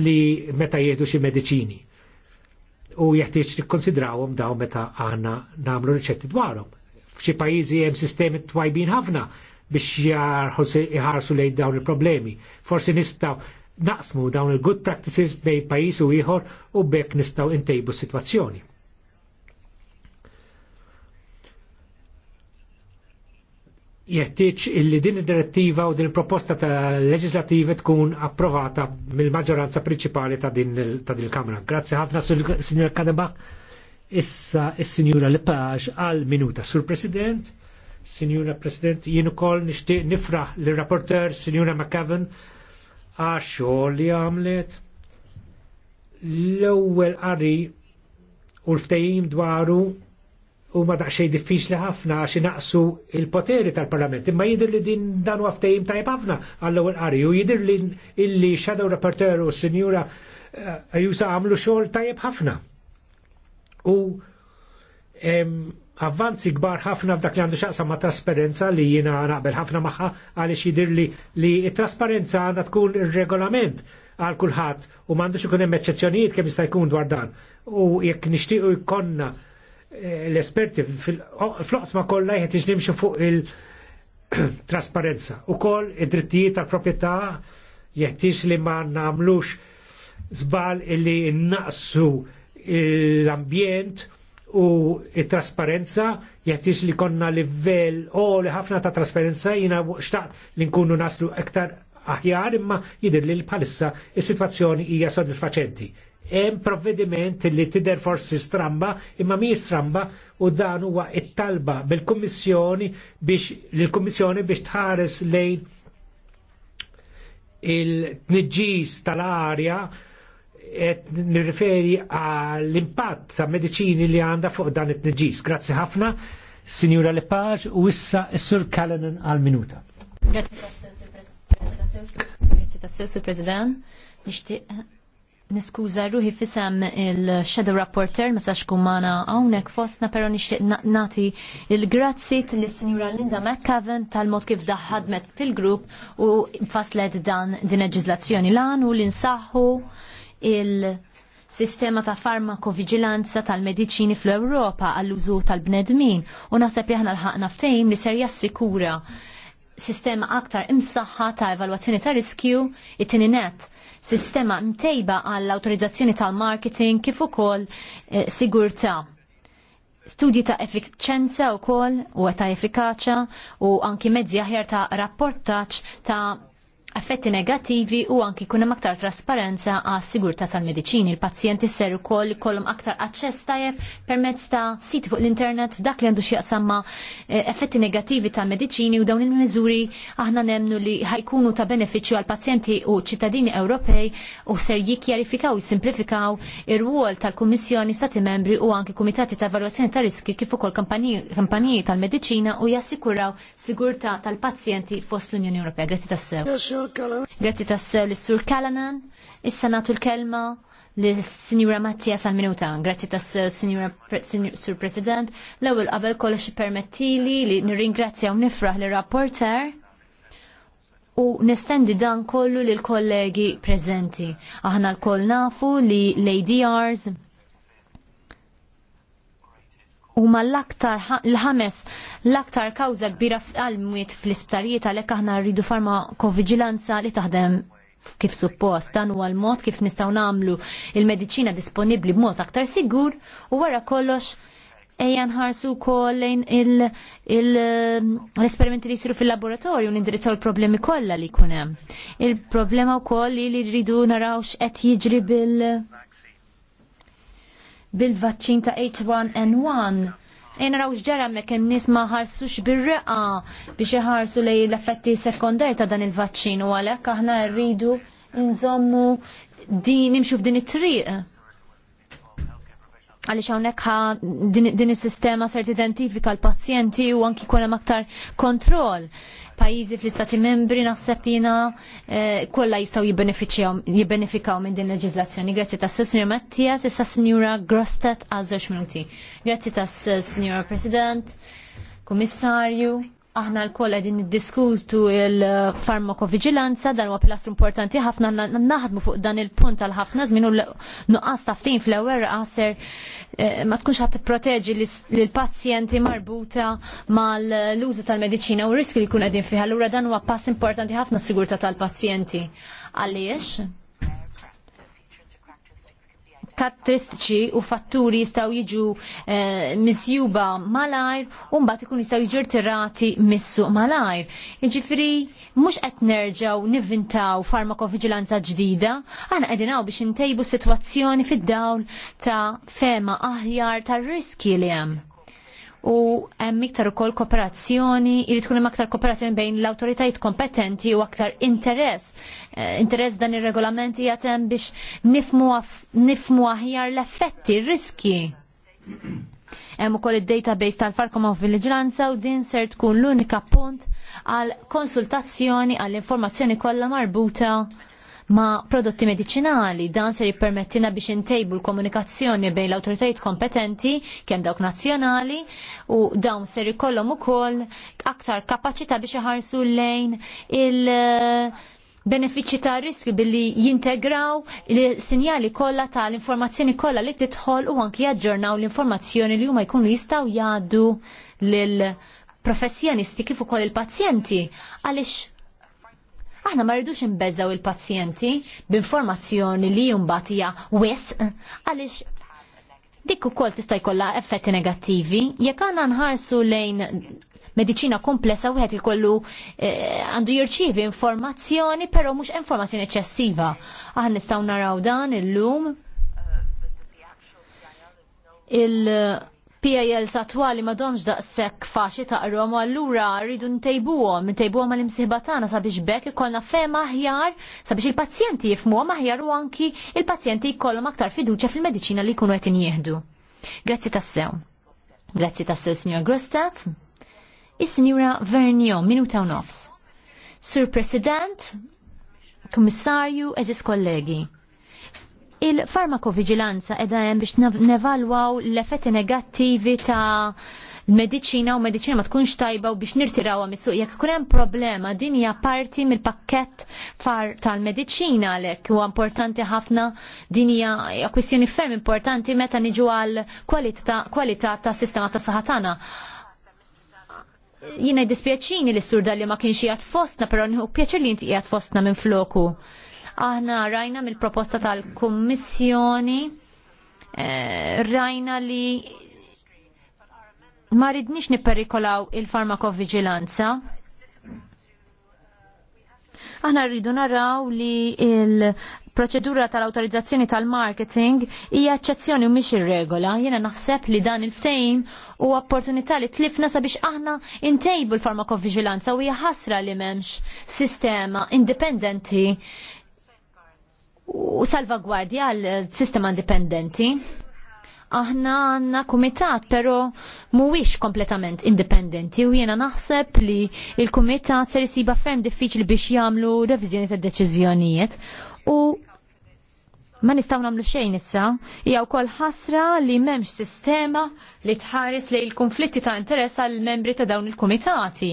li meta jiedu xi mediċini. U jeħtieġ nikkonsidrawhom dawn meta għandna nagħmlu riċetti dwarhom. F'xi pajjiżi hemm sistemi twajbin ħafna biex jħarsu lejn dawn il-problemi. Forsi nistgħu naqsmu dawn il-good practices bejn pajjiż u ieħor u bekk nistgħu intejbu s-sitwazzjoni. jettieċ illi din id-direttiva u din il-proposta ta' leġislativi tkun approvata mill-maġġoranza prinċipali ta' din il-Kamra. Grazzi ħafna, Signor Kadeba. Issa, is-Sinjura Lepage għal minuta. Sur President, Signora President, jien ukoll nixtieq nifraħ lir rapporter Signora McCavan għax li għamlet. L-ewwel qari u l-ftehim dwaru u ma daqxej diffiċli ħafna għax naqsu il-poteri tal-parlament. Imma jidir li din dan u għaftajim tajb ħafna għall-ewel qari u jidir li illi xadaw rapporter u senjura għajusa eh, għamlu xogħol tajb ħafna. U avvanzi kbar ħafna f'dak li għandu xaqsa ma' trasparenza li jina naqbel ħafna maħħa għaliex jidir li li trasparenza għandha tkun il-regolament għal kulħadd u m'għandux ikun hemm eċċezzjonijiet kemm jista' jkun dwar dan. U jekk nixtiequ jkollna l-esperti fl-oqsma kollha jħed nimxu fuq il-trasparenza. U koll id-drittijiet tal-proprjetà jeħtieġ li ma nagħmlux żbal illi naqsu l-ambjent u il-trasparenza jeħtieġ li konna livell o li ħafna ta' trasparenza jina xtaqt li nkunu naslu iktar aħjar imma jidir li l-palissa is-sitwazzjoni hija sodisfaċenti hemm provvediment li tider forsi stramba imma mi stramba u dan huwa it-talba bil-Kummissjoni biex l kummissjoni biex tħares lejn il-tniġġis tal-arja et nirriferi għall-impatt ta' mediċini li għanda fuq dan it-tniġġis. Grazzi ħafna, Signora Lepaġ, u issa s-Sur Kalenen għal-minuta.
Grazzi tas-sew, President. Nixtieq Niskuża ruħi fisem il-Shadow Rapporter ma tax kumana hawnhekk fostna però nixtieq nagħti il-grazzi tal sinjura Linda McCaven tal-mod kif daħadmet fil-grupp u faslet dan din leġiżlazzjoni lan u l-insaħħu il-sistema ta' farmakovigilanza tal-mediċini fl-Ewropa għall-użu tal-bnedmin u naħseb li aħna l ħakna ftejn li ser jassikura sistema aktar imsaħħa ta' evalwazzjoni ta' riskju it-tininet sistema mtejba għall autorizzazzjoni tal-marketing kif ukoll eh, sigurtà. Studji ta' effiċenza u kol u ta' effikaċa u anki mezzi aħjar ta' rapportaċ ta' effetti negativi u anki hemm aktar trasparenza għas sigurta tal-medicini. Il-pazjenti ser ukoll kollhom aktar aċċess tajjeb permezz ta' siti fuq l-internet f'dak li għandu xi jaqsamma eh, effetti negattivi tal-medicini u dawn il-miżuri aħna nemnu li ħajkunu ta' benefiċċju għal pazjenti u ċittadini Ewropej u ser jikjarifikaw jissimplifikaw ir wol tal-Kummissjoni Stati Membri u anki Kumitati ta' evalwazzjoni ta' Riski kif ukoll kampaniji tal-medicina u jassikuraw sigurta tal-pazjenti fost l-Unjoni Ewropea. Grazzi tassew. Grazzi tassel eh, l-Sur Kalanan. Issa sanatu l-kelma l-Sinjura Mattia Salminuta. Grazzi tassew eh, Sinjura Sur President. L-ewel qabel xi permettili li nirringrazzja u nifraħ l-rapporter u nestendi dan kollu l kollegi prezenti. Aħna l-koll nafu li l-ADRs huma l-aktar l-ħames l-aktar kawża kbira għal-mwiet fl-isptarijiet għalhekk aħna rridu farmakovigilanza li taħdem kif suppost dan huwa l-mod kif nistgħu nagħmlu il-mediċina disponibbli b'mod aktar sigur u wara kollox ejja nħarsu wkoll lejn l-esperimenti li jsiru fil-laboratorju nindirizzaw il-problemi kollha li jkun hemm. Il-problema wkoll li rridu naraw x'qed jiġri bil- bil-vaċċin ta' H1N1. Jena e raw ġara mek n-nis ma ħarsux bil-reqa biex ħarsu li l-effetti sekundari ta' dan il-vaċċin u għalek aħna rridu nżommu din nimxu f'din it-triq. Għalix hawnhekk ħa din is-sistema ser tidentifika l-pazjenti u anki kuna aktar kontroll pajjiżi fl-istati membri naħseb jina eh, kollha jistgħu jibbenefikaw minn din leġiżlazzjoni. Grazzi tas Sinjura Mattias, issa Sinjura Grostet għal żewġ minuti. Grazzi tas Sinjura President, Kummissarju aħna l-koll għedin diskutu il-farmakovigilanza, dan huwa pilastru importanti ħafna naħdmu fuq dan il-punt għal ħafna żmien u nuqqas taftin fl ewer qaser eh, ma tkunx ħadd proteġi lill-pazjenti marbuta mal-użu tal-mediċina u risk li jkun għedin fih. Allura dan huwa pass importanti ħafna s sigurta tal-pazjenti. Għaliex? karakteristiċi u fatturi jistaw jiġu eh, misjuba malajr u mbagħad ikun jistaw jiġu rtirati missu malajr. Jiġifieri mhux qed nerġgħu nivvintaw farmakovigilanza ġdida, aħna qegħdin biex intejbu sitwazzjoni fid-dawl ta' fema aħjar tar-riski li hemm u hemm iktar ukoll kooperazzjoni, irid tkun hemm aktar kooperazzjoni bejn l-awtoritajiet kompetenti u aktar interess. Eh, interess dan ir regolamenti hija hemm biex nifmu aħjar l-effetti, r-riski. Hemm ukoll id-database tal-farkom of vigilanza u din ser tkun l-unika punt għal konsultazzjoni għall informazzjoni kollha marbuta ma' prodotti medicinali. Dan se jippermettina biex intejbu l-komunikazzjoni bejn l-autoritajiet kompetenti, kemm dawk nazzjonali, u dawn se jkollhom ukoll aktar kapaċità biex iħarsu lejn il- eh, benefiċi ta' riski billi jintegraw il-sinjali kollha l informazzjoni kollha li titħol u anki jaġġornaw l-informazzjoni li huma jkunu jistgħu jgħaddu lill professjonisti kif ukoll il-pazjenti għaliex Aħna ma rridux nbeżaw il-pazjenti b'informazzjoni li jumbatija hija wisq għaliex dik ukoll tista' jkollha effetti negattivi jekk għandna nħarsu lejn medicina komplessa wieħed ikollu eh, għandu eh, jirċievi informazzjoni però mhux informazzjoni eċċessiva. Aħna nistgħu naraw dan illum il- PAL satwali ma domx daqsek faċi taqrom u allura rridu ntejbuhom, ntejbuhom għal imsiħba tagħna sabiex bekk ikollna fema aħjar sabiex il-pazjenti jifhmuhom aħjar u anki il-pazjenti jkollhom aktar fiduċja fil-mediċina li jkunu qed jieħdu. Grazzi tassew. Grazzi tassew, Signor Grostat. Is-Sinjura Vernio, minuta u nofs. Sur President, Kummissarju, eżis kollegi Il-farmakovigilanza edha hemm biex nevalwaw l-effetti negattivi ta' medicina u medicina ma tkunx tajba u biex nirtiraw għamissu. Jek jekk hemm problema din hija parti mill-pakkett far tal-medicina għalhekk huwa importanti ħafna din hija kwistjoni ferm importanti meta niġu għal kwalità ta' sistema ta' saħatana. jina dispjaċini li s-surda li ma kienx jgħat fostna, pero nħu pjaċir li jgħat fostna minn floku. Aħna rajna mill-proposta tal-Kummissjoni, eh, rajna li ma ridniex nipperikolaw il-farmakovigilanza. Aħna rridu naraw li il- proċedura tal-autorizzazzjoni tal-marketing hija eċċezzjoni u mhix ir-regola. Jiena naħseb li dan il-ftehim u opportunità li tlifna sabiex aħna intejbu l-farmakovigilanza u hija ħasra li m'hemmx sistema indipendenti u salvagwardja għal sistema indipendenti. Aħna għanna kumitat, pero mhuwiex kompletament indipendenti u jiena naħseb li il-kumitat ser jisiba ferm diffiċli biex jagħmlu reviżjoni ta' deċiżjonijiet u ma nistgħu nagħmlu xejn issa, hija wkoll ħasra li m'hemmx sistema li tħares lejn il-konflitti ta' interess għall membri ta' dawn il-kumitati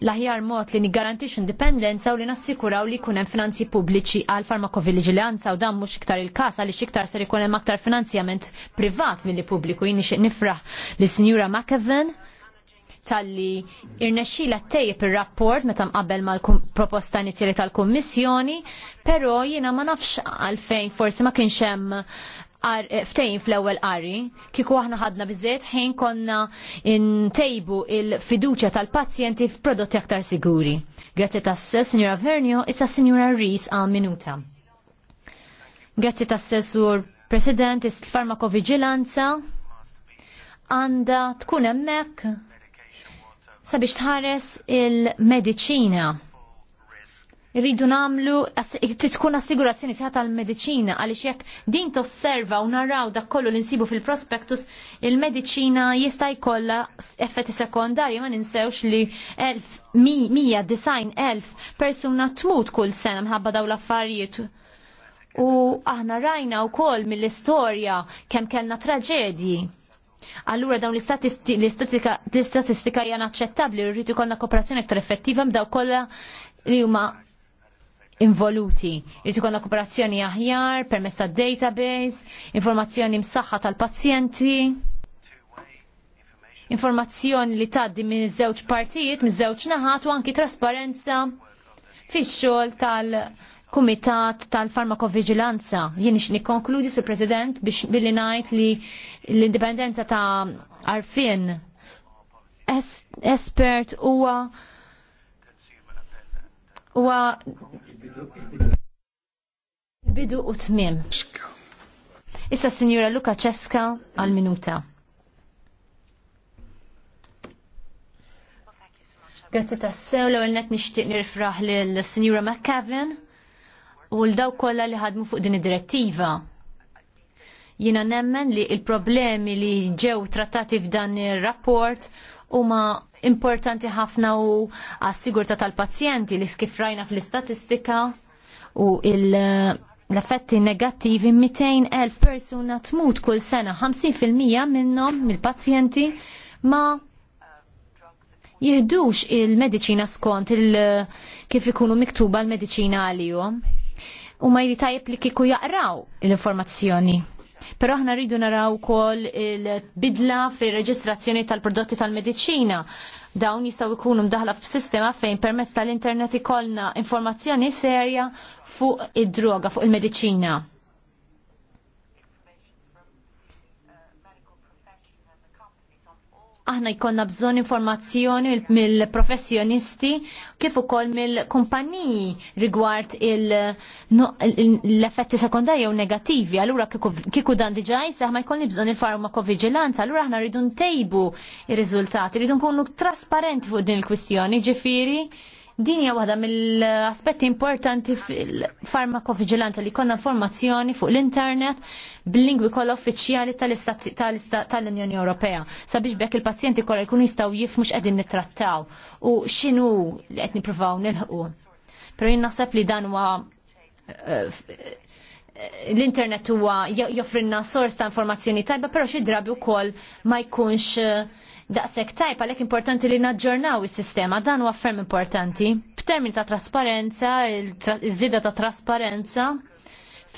l-aħjar mod li niggarantix indipendenza u li nassikuraw li jkun hemm finanzi pubbliċi għal farmakovigilanza u dan mhux iktar il-każ għaliex iktar ser ikun hemm aktar finanzjament privat milli pubbliku jien nixtieq nifraħ li Sinjura McEvan tal-li irnexxila tejjeb ir-rapport meta mqabbel mal-proposta inizjali tal-Kummissjoni, però jiena ma nafx għalfejn forsi ma kienx hemm Eh, ftejn fl-ewwel qari, kieku aħna ħadna biżejt ħin konna ntejbu il-fiduċja tal-pazjenti f'prodotti aktar siguri. Grazzi tasse, Signora Vernio, issa Signora Rees għal minuta. Grazzi tasse, Sur President, is-farmakovigilanza għanda tkun hemmhekk sabiex tħares il-medicina rridu namlu titkun assigurazzjoni sħat tal-medicina għaliex jekk din tosserva u naraw dak kollu li nsibu fil-prospektus il-medicina jista' jkollha effetti sekondarji ma ninsewx li elf persuna tmut kull sena mħabba daw l-affarijiet. U aħna rajna wkoll mill-istorja kemm kellna traġedji. Allura dawn l-istatistika hija naċċettabbli u rrid ikollna kooperazzjoni aktar effettiva m'daw kollha li huma involuti. Irid ikollna kooperazzjoni aħjar permezz ta' database, informazzjoni msaħħa tal-pazjenti, informazzjoni li tgħaddi minn żewġ partijiet, minn żewġ naħat u anki trasparenza fix-xogħol tal- Kumitat tal-Farmakovigilanza. Jien ix nikkonkludi sur President biex billi ngħid li l-indipendenza ta' arfin es espert huwa huwa bidu u tmim. Issa Sinjura Luka Ceska għal minuta. Grazie tassew l net nixtieq nirfraħ l Sinjura McCavin u l daw kolla li ħadmu fuq din id-direttiva. Jiena nemmen li l problemi li ġew trattati f'dan ir-rapport huma importanti ħafna u għas-sigurta tal-pazjenti li skifrajna fl-istatistika u l-effetti negattivi 200.000 persuna tmut kull sena, 50% minnhom mill-pazjenti ma jihdux il-medicina skont il- kif ikunu miktuba l-medicina għalihom u ma jritajb li kiku jaqraw l-informazzjoni. Però aħna rridu naraw kol il-bidla fir-reġistrazzjoni tal-prodotti tal-mediċina. Dawn jistgħu jkunu mdaħla f'sistema fejn permezz tal-internet ikollna informazzjoni serja fuq id-droga, fuq il-mediċina. aħna jkollna bżonn informazzjoni mill-professjonisti kif ukoll mill-kumpaniji rigward l-effetti sekondarji u negattivi. Allura kieku dan diġà jseħ ma jkollni bżonn il-farmakovigilanza, allura aħna rridu ntejbu ir-riżultati, rridu nkunu trasparenti fuq din il-kwistjoni, ġifieri Din hija waħda mill-aspetti importanti fil-farmakovigilanza li konna informazzjoni fuq l-internet bil-lingwi kollha uffiċjali tal-Unjoni Ewropea sabiex bekk il-pazjenti kollha jkunu jistgħu jifhmu x'qegħdin nittrattaw u x'inhu li qed nippruvaw nilħqu. Però jien naħseb li dan huwa eh, l-internet huwa joffrinna sors ta' informazzjoni tajba, però xi drabi wkoll ma jkunx eh, daqshekk tajb għalhekk importanti li naġġornaw is-sistema dan huwa ferm importanti. B'termin ta' trasparenza, iż-żida ta' trasparenza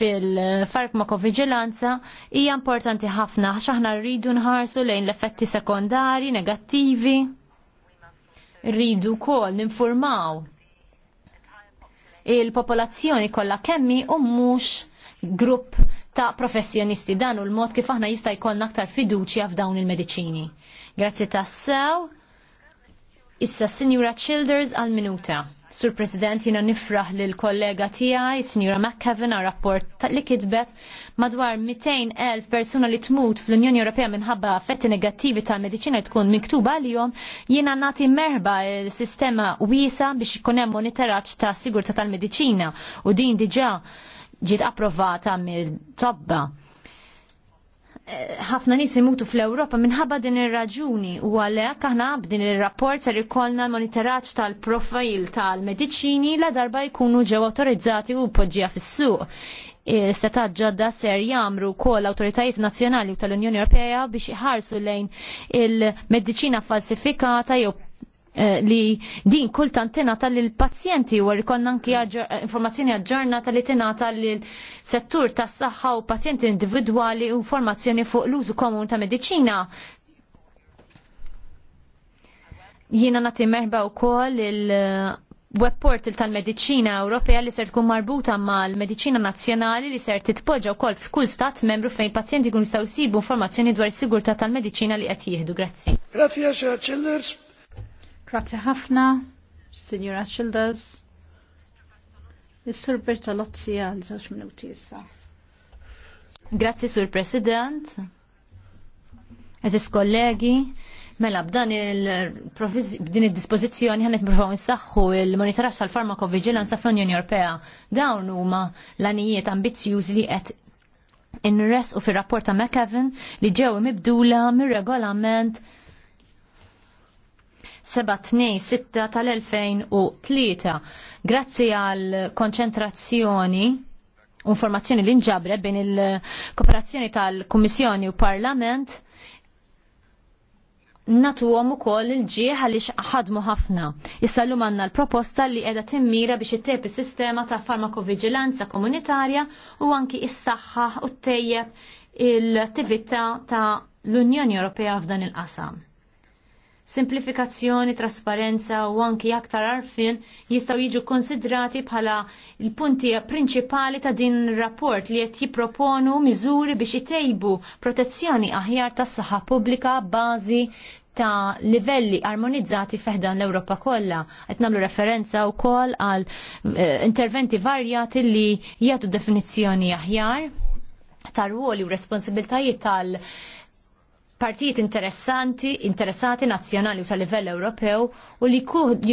fil fark ma' kovigilanza, hija importanti ħafna għax aħna rridu nħarsu lejn l-effetti sekondari, negattivi. Rridu wkoll ninfurmaw il-popolazzjoni kollha kemmi u mhux grupp ta' professjonisti dan u l-mod kif aħna jista' jkollna aktar fiduċja f'dawn il-mediċini. Grazzi tassew. Issa Sinjura Childers għal minuta. Sur President, jina nifraħ lil kollega tijaj, Sinjura McKevin, għal rapport li kitbet madwar 200.000 persuna li tmut fl-Unjoni Ewropea minħabba affetti negattivi tal-medicina tkun miktuba għal-jom, jina nati merba il-sistema wisa biex jkunem monitoraċ ta' sigurta tal-medicina u din diġa ġiet approvata mill-tobba ħafna nies imutu fl-Ewropa minħabba din ir-raġuni u għalhekk aħna b'din ir-rapport ser ikollna monitoraġġ tal-profil tal-mediċini la darba jkunu ġew awtorizzati u poġġija fis-suq. E, seta ġodda ser jamru kol autoritajiet nazzjonali u tal-Unjoni Ewropea biex iħarsu lejn il-medicina falsifikata jew Eh, li din kultant tingħata lill pazjenti u rikon anki eh, informazzjoni aġġornata li tingħata lill settur tas-saħħa u pazjenti individwali u informazzjoni fuq l-użu komun ta' mediċina jiena nagħti merba wkoll il eh, web portal tal medicina Ewropea li ser tkun marbuta mal medicina Nazzjonali li ser titpoġġa wkoll f'kull stat membru fejn pazjenti kun jistgħu jsibu informazzjoni dwar is-sigurtà tal medicina li qed jieħdu. Grazzi.
Grazzi
Xellers. Grazie ħafna, Signora Childers.
Is-Sur Bertolozzi għal żewġ minuti issa. Grazzi, Sur President. Eżis kollegi, Mela, b'dan il-din il-dispozizjoni għanet provaw nsaxħu il monitoraċ tal-farmakovigilanza fl-Unjoni Ewropea. Dawn huma l-anijiet ambizzjużi li qed res u fir-rapport ta' McEvin li ġew mibdula mir-regolament 7-2-6 tal-2003 grazzi għal konċentrazzjoni u informazzjoni li nġabre bejn il-kooperazzjoni tal-Kummissjoni u Parlament natuhom ukoll il-ġieħ għaliex ħadmu ħafna. Issa llum għandna l-proposta li qiegħda timmira biex it is-sistema ta' farmakovigilanza komunitarja u anki is-saħħa u t-tejjeb il-attività ta' l-Unjoni Ewropea f'dan il-qasam simplifikazzjoni, trasparenza u anki aktar arfin jistaw jiġu konsidrati bħala il-punti prinċipali ta' din rapport li qed jipproponu miżuri biex jitejbu protezzjoni aħjar tas-saħħa pubblika bazi ta' livelli armonizzati feħdan l-Europa kollha. Qed nagħmlu referenza wkoll għal eh, interventi varjati li jgħatu definizzjoni aħjar tar ruoli u responsabiltajiet tal- partijiet interessanti, interessati nazzjonali u tal-livell Ewropew u li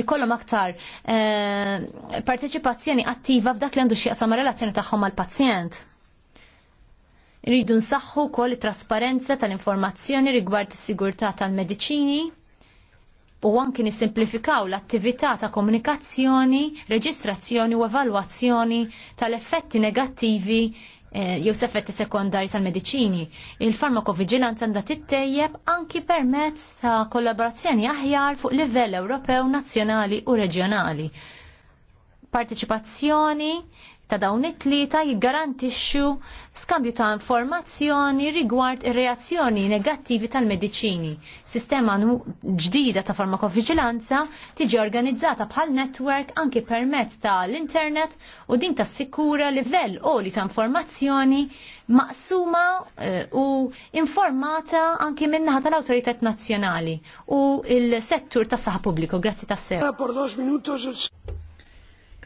jkollhom aktar e, parteċipazzjoni attiva f'dak li għandu x'jaqsam relazzjoni tagħhom mal-pazjent. Rridu nsaħħu wkoll it-trasparenza tal-informazzjoni rigward is-sigurtà tal-mediċini u anki nisimplifikaw l-attività ta' komunikazzjoni, reġistrazzjoni u evalwazzjoni tal-effetti negattivi Eh, jew seffetti sekondari tal-mediċini. Il-farmakovigilanza għandha tittejjeb anki permezz ta' kollaborazzjoni aħjar fuq livell Ewropew, nazzjonali u reġjonali. Partiċipazzjoni ta' dawn it-tlieta jiggarantixxu skambju ta' informazzjoni rigward ir-reazzjoni negattivi tal-mediċini. Sistema ġdida ta' farmakovigilanza tiġi organizzata bħal netwerk anki permezz ta' l-internet u din ta' sikura livell oli ta' informazzjoni maqsuma eh, u informata anki minnaħa tal-autoritet nazzjonali u il-settur tas saħħa pubbliku. Grazzi tas sew.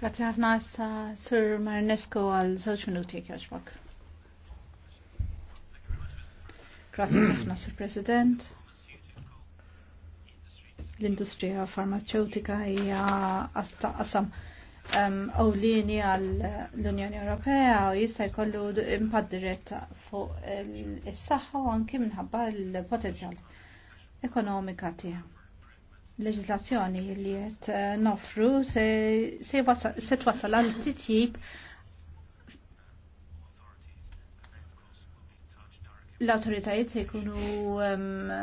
Grazie ħafna Nasa, Sir Marinesco għal Zoc minuti kjaġbak. Grazie ħafna Sir President. L-industrija farmaceutika hija qasam ewlieni għal l-Unjoni Ewropea u jista' jkollu impatt dirett fuq is-saħħa u anke minħabba l-potenzjal ekonomika tiegħu leġislazzjoni li qed eh, nofru se twassal għal titjib l-autoritajiet se jkunu ehm,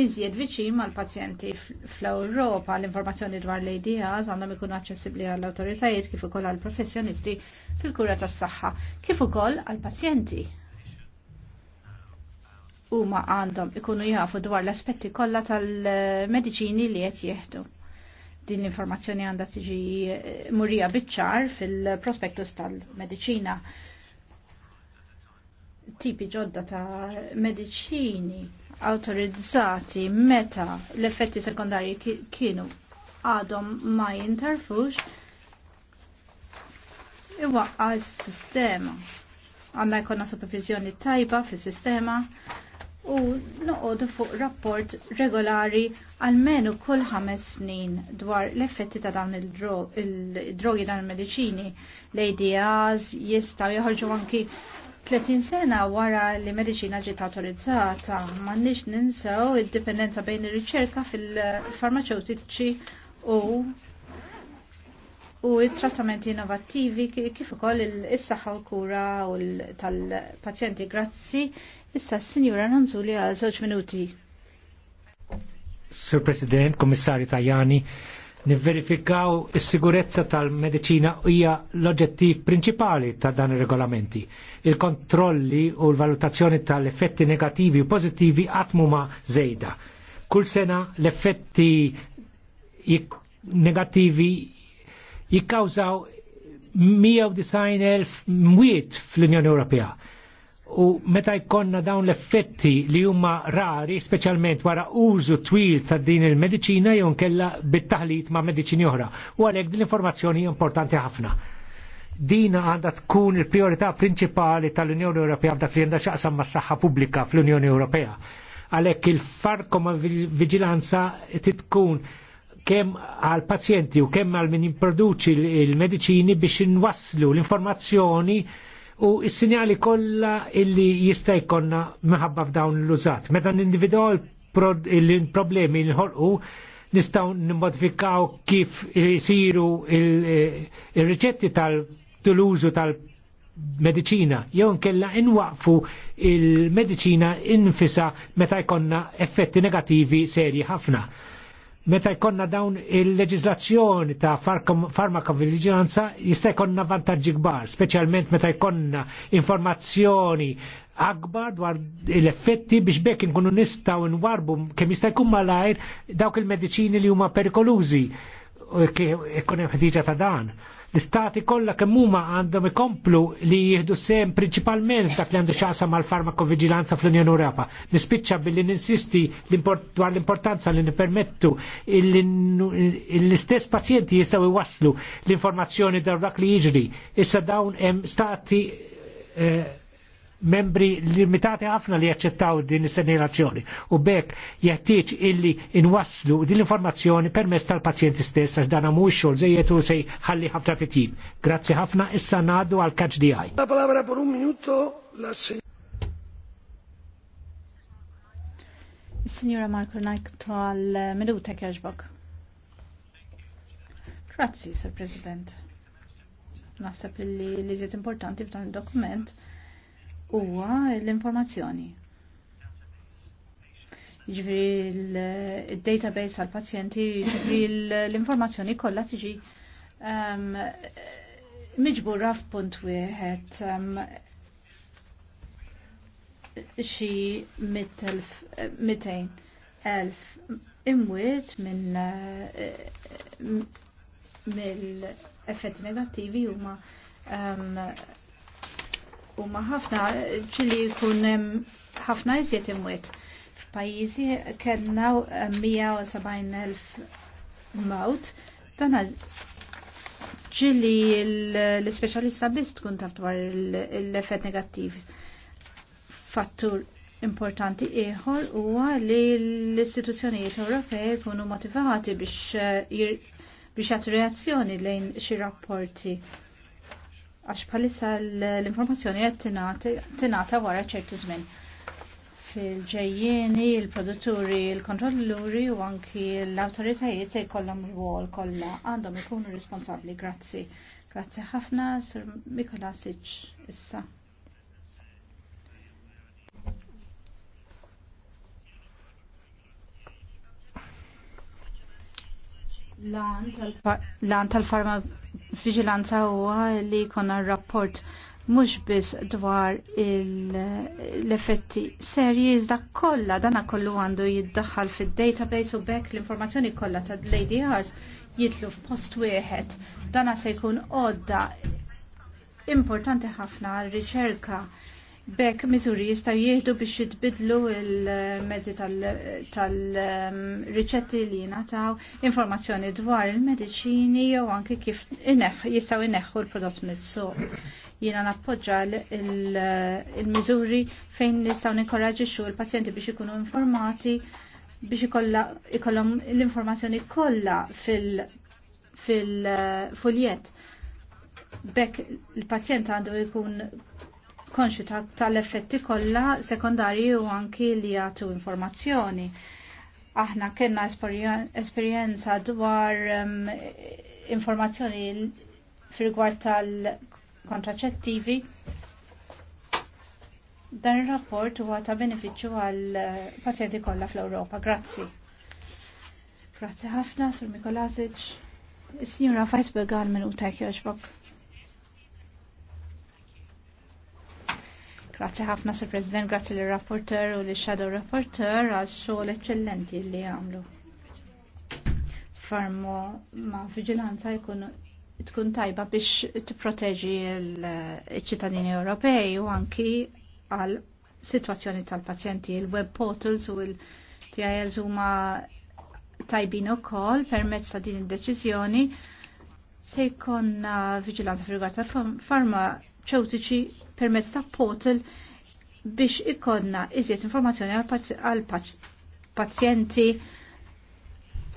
iżjed viċin mal-pazjenti fl-Ewropa l-informazzjoni dwar l-ADAs għandhom ikunu aċċessibbli għall-autoritajiet kif ukoll għall-professjonisti fil-kura tas-saħħa, kif ukoll għall-pazjenti huma għandhom ikunu jafu dwar l-aspetti kollha tal-mediċini li qed jieħdu. Din l-informazzjoni għandha tiġi eh, murija biċċar fil-prospektus tal-mediċina. Tipi ġodda ta' mediċini autorizzati meta l-effetti sekondarji kienu għadhom ma jintarfux Iwa s-sistema għanna jkonna supervizjoni tajba fis sistema u noqogħdu fuq rapport regolari għalmenu kull ħames snin dwar l-effetti ta' dawn il-drogi dan il-mediċini l-ADAs jistaw joħorġu anki 30 sena wara li medicina ġiet autorizzata, m'għandniex ninsaw id-dipendenza bejn ir-riċerka fil-farmaceutiċi u u il-trattamenti innovattivi kif ukoll is-saħħa u kura tal-pazjenti grazzi Issa s-Sinjura Ranzuli għal żewġ minuti.
Sur President, Komissarju Tajani, nivverifikaw is-sigurezza tal-medicina hija l-oġġettiv prinċipali ta' dan ir-regolamenti. Il-kontrolli u l-valutazzjoni tal-effetti negativi u pożittivi għatmu ma' żejda. Kull sena l-effetti negativi jikkawżaw 190.000 mwiet fl-Unjoni Ewropea u meta jkonna dawn l-effetti li huma rari, speċjalment wara użu twil ta' din il-medicina jon kella bit-taħlit ma' medicini oħra. U għalhekk din informazzjoni importanti ħafna. Dina għandha tkun il-priorità prinċipali tal-Unjoni Ewropea f'dak li għandha xaqsam mas saħħa pubblika fl-Unjoni Ewropea. Għalhekk il-farko ma' viġilanza titkun kem għal pazjenti u kem għal min jimproduċi il-medicini biex inwasslu l-informazzjoni u s-sinjali kollha illi jista' jkollna minħabba f'dawn l-użat. Meta l-individual il-problemi nħolqu nistgħu nimmodifikaw kif jisiru il-riċetti eh, tal-użu tal-medicina, jew nkella inwaqfu il-medicina infisa meta jkollna effetti negativi serji ħafna meta jkonna dawn il-leġizlazzjoni ta' farmakovigilanza jista' jkonna vantaġġi kbar, speċjalment meta jkonna informazzjoni akbar dwar l-effetti biex bekk nkunu nistgħu nwarbu kemm jista' jkun malajr dawk il-mediċini li huma perikolużi u ikkun hemm ħdiġa ta' dan. L-istati kollha kemm huma għandhom ikomplu li jieħdu sehem prinċipalment dak li għandu x'aqsam mal-farmakovigilanza fl-Unjoni Ewropa. Nispiċċa billi ninsisti dwar l-importanza li nipermettu l-istess pazjenti jistgħu jwasslu l-informazzjoni dawn dak li jiġri. Issa dawn hemm stati eh, membri limitati ħafna li jaċċettaw din is-senjerazzjoni u bekk jeħtieġ illi inwasslu din l-informazzjoni permezz tal-pazjenti stess għax dan mhux xogħol żejjed u se ħalli ħafna fitim. Grazzi ħafna issa ngħaddu għal kaġ DI. La palabra por un minuto la
Signora Marko Najk tal-minuta eh, kħeġbok. Grazzi, Sir President. Naħseb li li importanti f'dan il-dokument huwa l-informazzjoni. Ġifri l-database għal-pazjenti, ġifri l-informazzjoni kollha tiġi um, miġbura f'punt wieħed um, xi mitejn elf imwiet minn uh, mill-effetti negattivi huma um, u ma ħafna ġili kun ħafna jizjet imwet. F'pajjiżi kellna 170.000 mawt, tana ċili l specialista biss tkun taf dwar l-effett negattiv. Fattur importanti ieħor huwa li l-istituzzjonijiet Ewropej jkunu motivati biex eh, biex reazzjoni lejn xi rapporti Għax bħalissa l-informazzjoni qed tingħata wara ċertu żmien fil-ġejjieni, il-produtturi, il-kontrolluri u anki l-autoritajiet se jkollhom rwol kollha għandhom ikunu responsabbli. Grazzi. Grazzi ħafna, Sir Mikolasic issa. Lan tal-farmazon vigilanza huwa li jkollna rapport mhux biss dwar l-effetti serji iżda kollha dana kollu għandu jiddaħħal fid-database u bekk l-informazzjoni kollha tad-ADRs jitlu f'post wieħed. Dana se jkun għodda importanti ħafna għal riċerka Bek, miżuri jistaw jieħdu biex jitbidlu il-mezzi tal-riċetti li jinataw, informazzjoni dwar il-medicini jew anki kif jistaw ineħħu l-prodott mis-suq. Jina nappoġġa il-miżuri fejn nistaw xu l-pazjenti biex ikunu informati biex ikollhom l-informazzjoni kollha fil-fuljet. Eh, Bek, il-pazjent għandu jkun konxi tal-effetti kollha sekondarji u anki li jagħtu informazzjoni. Aħna kena esperjenza dwar um, informazzjoni fil gwart tal-kontraċettivi dan il-rapport huwa ta' beneficju għal eh, pazjenti kollha fl-Ewropa. Grazzi. Grazzi ħafna, Sur Mikolasic. Signora sinjura Fajsberg għal minn utajk joġbok. Grazzi ħafna Sir President, grazzi lir rapporteur u li shadow rapporteur għal xogħol eċċellenti li għamlu. Farmo ma' vigilanza jkun tkun tajba biex tipproteġi l-ċittadini Ewropej u anki għal situazzjoni tal-pazjenti. Il-web portals u il-TILs huma tajbin ukoll permezz ta' din id-deċiżjoni se jkollna vigilanza fil-rigward tal-farma farmaceutiċi permezz ta' portal biex ikonna iżjed informazzjoni għal pazjenti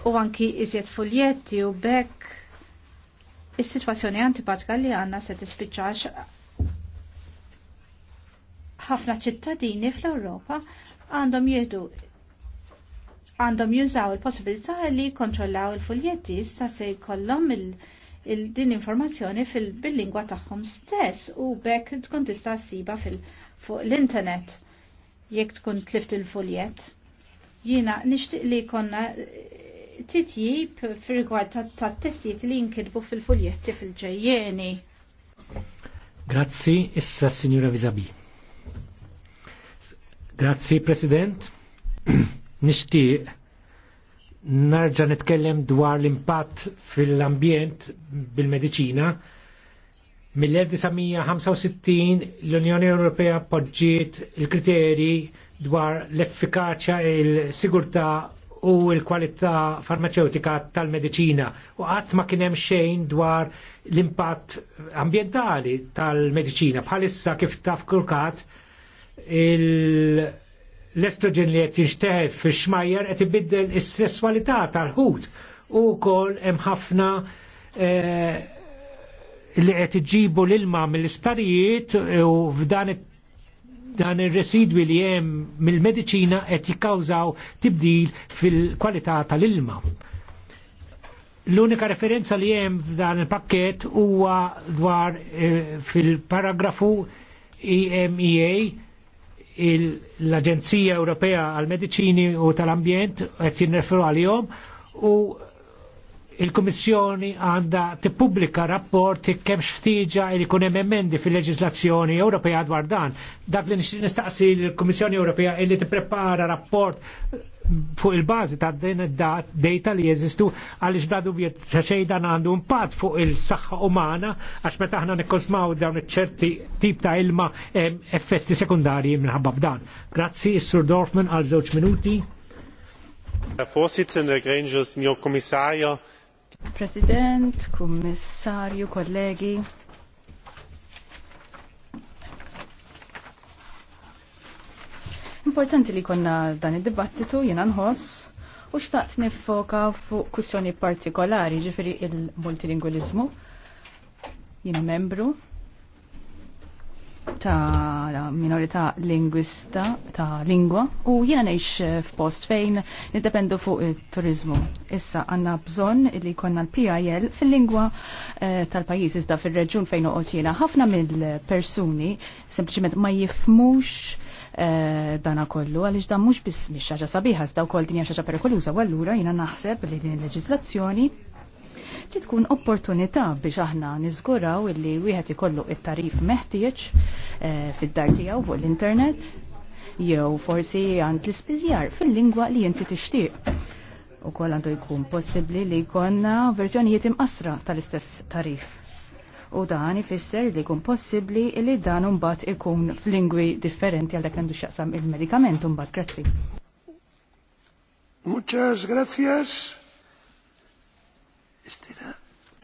u anki iżjed fuljetti u bekk is-sitwazzjoni antipatika li għanna se tispiċċax ħafna ċittadini fl-Ewropa għandhom jiedu għandhom jużaw il-possibilità li kontrollaw il-fuljetti issa se jkollhom il-, -il din informazzjoni fil-lingwa tagħhom stess u bekk tkun tista' ssiba fuq l-internet jekk tkun tlift il-fuljet. Jiena nixtieq li konna eh, titjib fir-rigward tat-testijiet li jinkitbu fil-fuljetti fil-ġejjeni.
Grazzi, issa Signora Visabi. Grazzi, President. *clears throat* Nixtieq narġa nitkellem dwar l-impatt fil-ambjent bil-medicina. Mill-1965 l-Unjoni Ewropea poġġiet il-kriteri dwar l-effikaċja, il-sigurtà u l-kwalità farmaceutika tal-medicina u qatt ma kien hemm xejn dwar l-impatt ambjentali tal-medicina bħalissa kif taf kulkat il- l-estrogen li qed jinxteħed fix xmajjar qed ibiddel is-sesswalità tal-ħut u wkoll hemm ħafna eh, li qed iġibu l-ilma mill istarijiet eh, u f'dan dan ir-residwi li hemm mill medicina qed jikkawżaw tibdil fil-kwalità tal-ilma. L-unika referenza li hemm f'dan il-pakket huwa dwar eh, fil-paragrafu EMEA l-Aġenzija Ewropea għal mediċini u tal-Ambjent qed jinreferu għalihom u il-Kummissjoni għandha tippubblika rapport kemm xtieġa li jkun hemm emendi fil-leġiżlazzjoni Ewropea dwar dan. Dak li nistaqsi l-Kummissjoni Ewropea illi tipprepara rapport fuq il-bazi ta' din id-data li jeżistu għaliex bladu dubju ta' xejdan dan għandu impatt fuq il-saħħa umana għax meta aħna nikkosmaw dawn iċ-ċerti tip ta' ilma effetti sekundarji minħabba f'dan. Grazzi, Sir Dorfman, għal żewġ minuti. Herr Vorsitzender Granger, Signor Kommissario.
President, Kommissario, kollegi. Importanti li konna dan id-dibattitu jina nħoss u xtaqt nifoka fuq kussjoni partikolari ġifiri il-multilingualizmu. jina membru ta' minorità lingwista ta' lingwa u jena ngħix f'post fejn niddependu fuq it-turizmu. Issa għandna bżonn li jkollna l-PIL fil-lingwa eh, tal-pajjiż iżda fir-reġjun fejn oqgħod jena. ħafna mill-persuni sempliċement ma jifmux Eh, dana kollu, għalix dan mux bis miex sabiħa, daw kol dinja ħaġa perikoluza, u għallura jina naħseb li din il-leġizlazzjoni li tkun opportunità biex aħna niżguraw illi wieħed ikollu it-tarif meħtieġ eh, fid-dar tiegħu fuq l-internet jew forsi għand l-ispiżjar fil-lingwa li inti tixtieq. U għandu jkun possibbli li jkollna verżjonijiet imqasra tal-istess tarif u dan ifisser li jkun possibbli li dan mbagħad ikun f'lingwi differenti għal dak għandu x'jaqsam il-medikament mbagħad grazzi. Muchas gracias.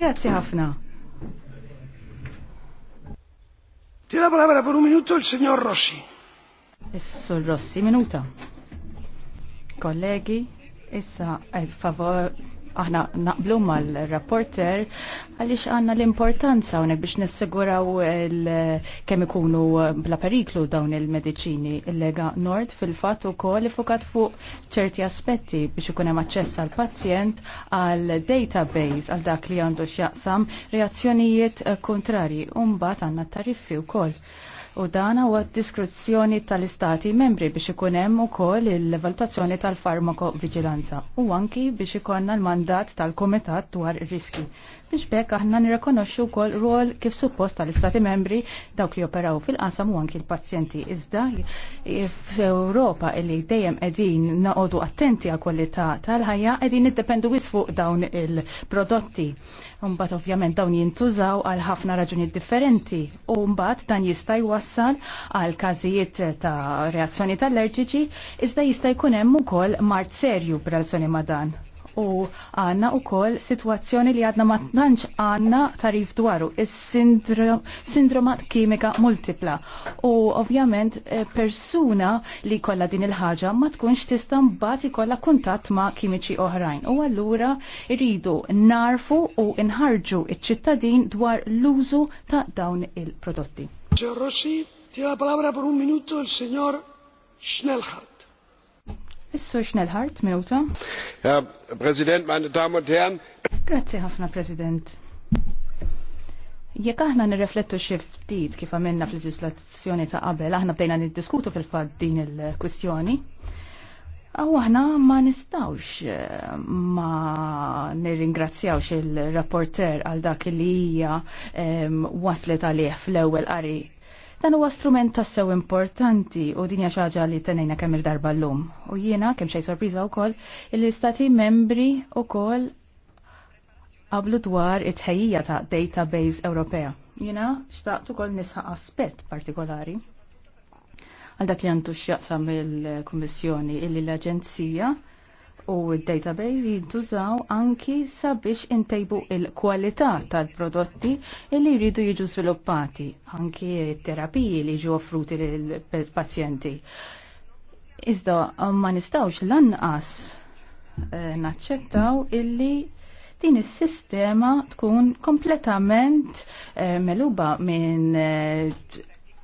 Grazzi ħafna. Tiene la palabra per un minuto il signor Rossi. Is-sur Rossi, minuta. Kollegi, issa eh, favore aħna naqblu mal-rapporter għaliex għanna l-importanza għonek biex nissiguraw kemm ikunu bla periklu dawn il-mediċini il-lega nord fil-fat u kol fukat fuq ċerti aspetti biex ikun hemm aċċess għal pazjent għal database għal dak li għandu x'jaqsam reazzjonijiet kontrari u mbagħad għandna tariffi wkoll u dan huwa diskrezzjoni tal-istati membri biex ikun hemm ukoll il-valutazzjoni tal farmako Vigilanza, u anki biex ikonna l-mandat tal-Komitat dwar ir-riski biex bekk aħna nirrekonoxxu wkoll rol kif suppost tal-Istati membri dawk li operaw fil-qasam u anki l-pazjenti. Iżda f'Ewropa li dejjem qegħdin naqogħdu attenti għal kwalità tal-ħajja qegħdin niddependu wis fuq dawn il-prodotti. Mbagħad ovvjament dawn jintużaw għal ħafna raġunijiet differenti u mbagħad dan jista' jwassal għal każijiet ta' reazzjoni tal-allerġiċi iżda jista' jkun hemm ukoll mart serju b'relazzjoni ma' dan u għanna u kol situazzjoni li għadna ma tantx għanna tarif dwaru, is-sindroma kimika multipla. U ovvjament eh, persuna li kolla din il-ħaġa ma tkunx tista' mbagħad kolla kuntatt ma' kimiċi oħrajn. U allura rridu narfu u nħarġu il ċittadin dwar l-użu ta' dawn il-prodotti.
Rossi, tira la palabra per un
minuto il signor Schnellhardt is minuta.
Herr meine Damen und Herren.
Grazie ħafna, President. Jekk aħna nirreflettu xi ftit kif għamilna fl-leġislazzjoni ta' qabel, aħna bdejna niddiskutu fil-fatt din il-kwistjoni. Aw aħna ma nistawx eh, ma nirringrazzjawx il-rapporter għal dak li hija eh, waslet għalih fl-ewwel qari Dan huwa strument tassew importanti u dinja xaġa li tenejna kemm il-darba l-lum. U jiena kemm xej sorpriża wkoll il-istati membri wkoll qablu dwar it-ħejjija ta' database Ewropea. Jiena xtaqt ukoll nisħaq aspett partikolari. Għal dak li għandu x'jaqsam il-Kummissjoni illi l-Aġenzija u d-database jintużaw anki sabiex intejbu il-kwalità tal-prodotti li jridu jiġu sviluppati, anki terapiji li jiġu offruti lill-pazjenti. Iżda ma nistawx lanqas eh, naċċettaw illi din is-sistema tkun kompletament eh, meluba minn eh,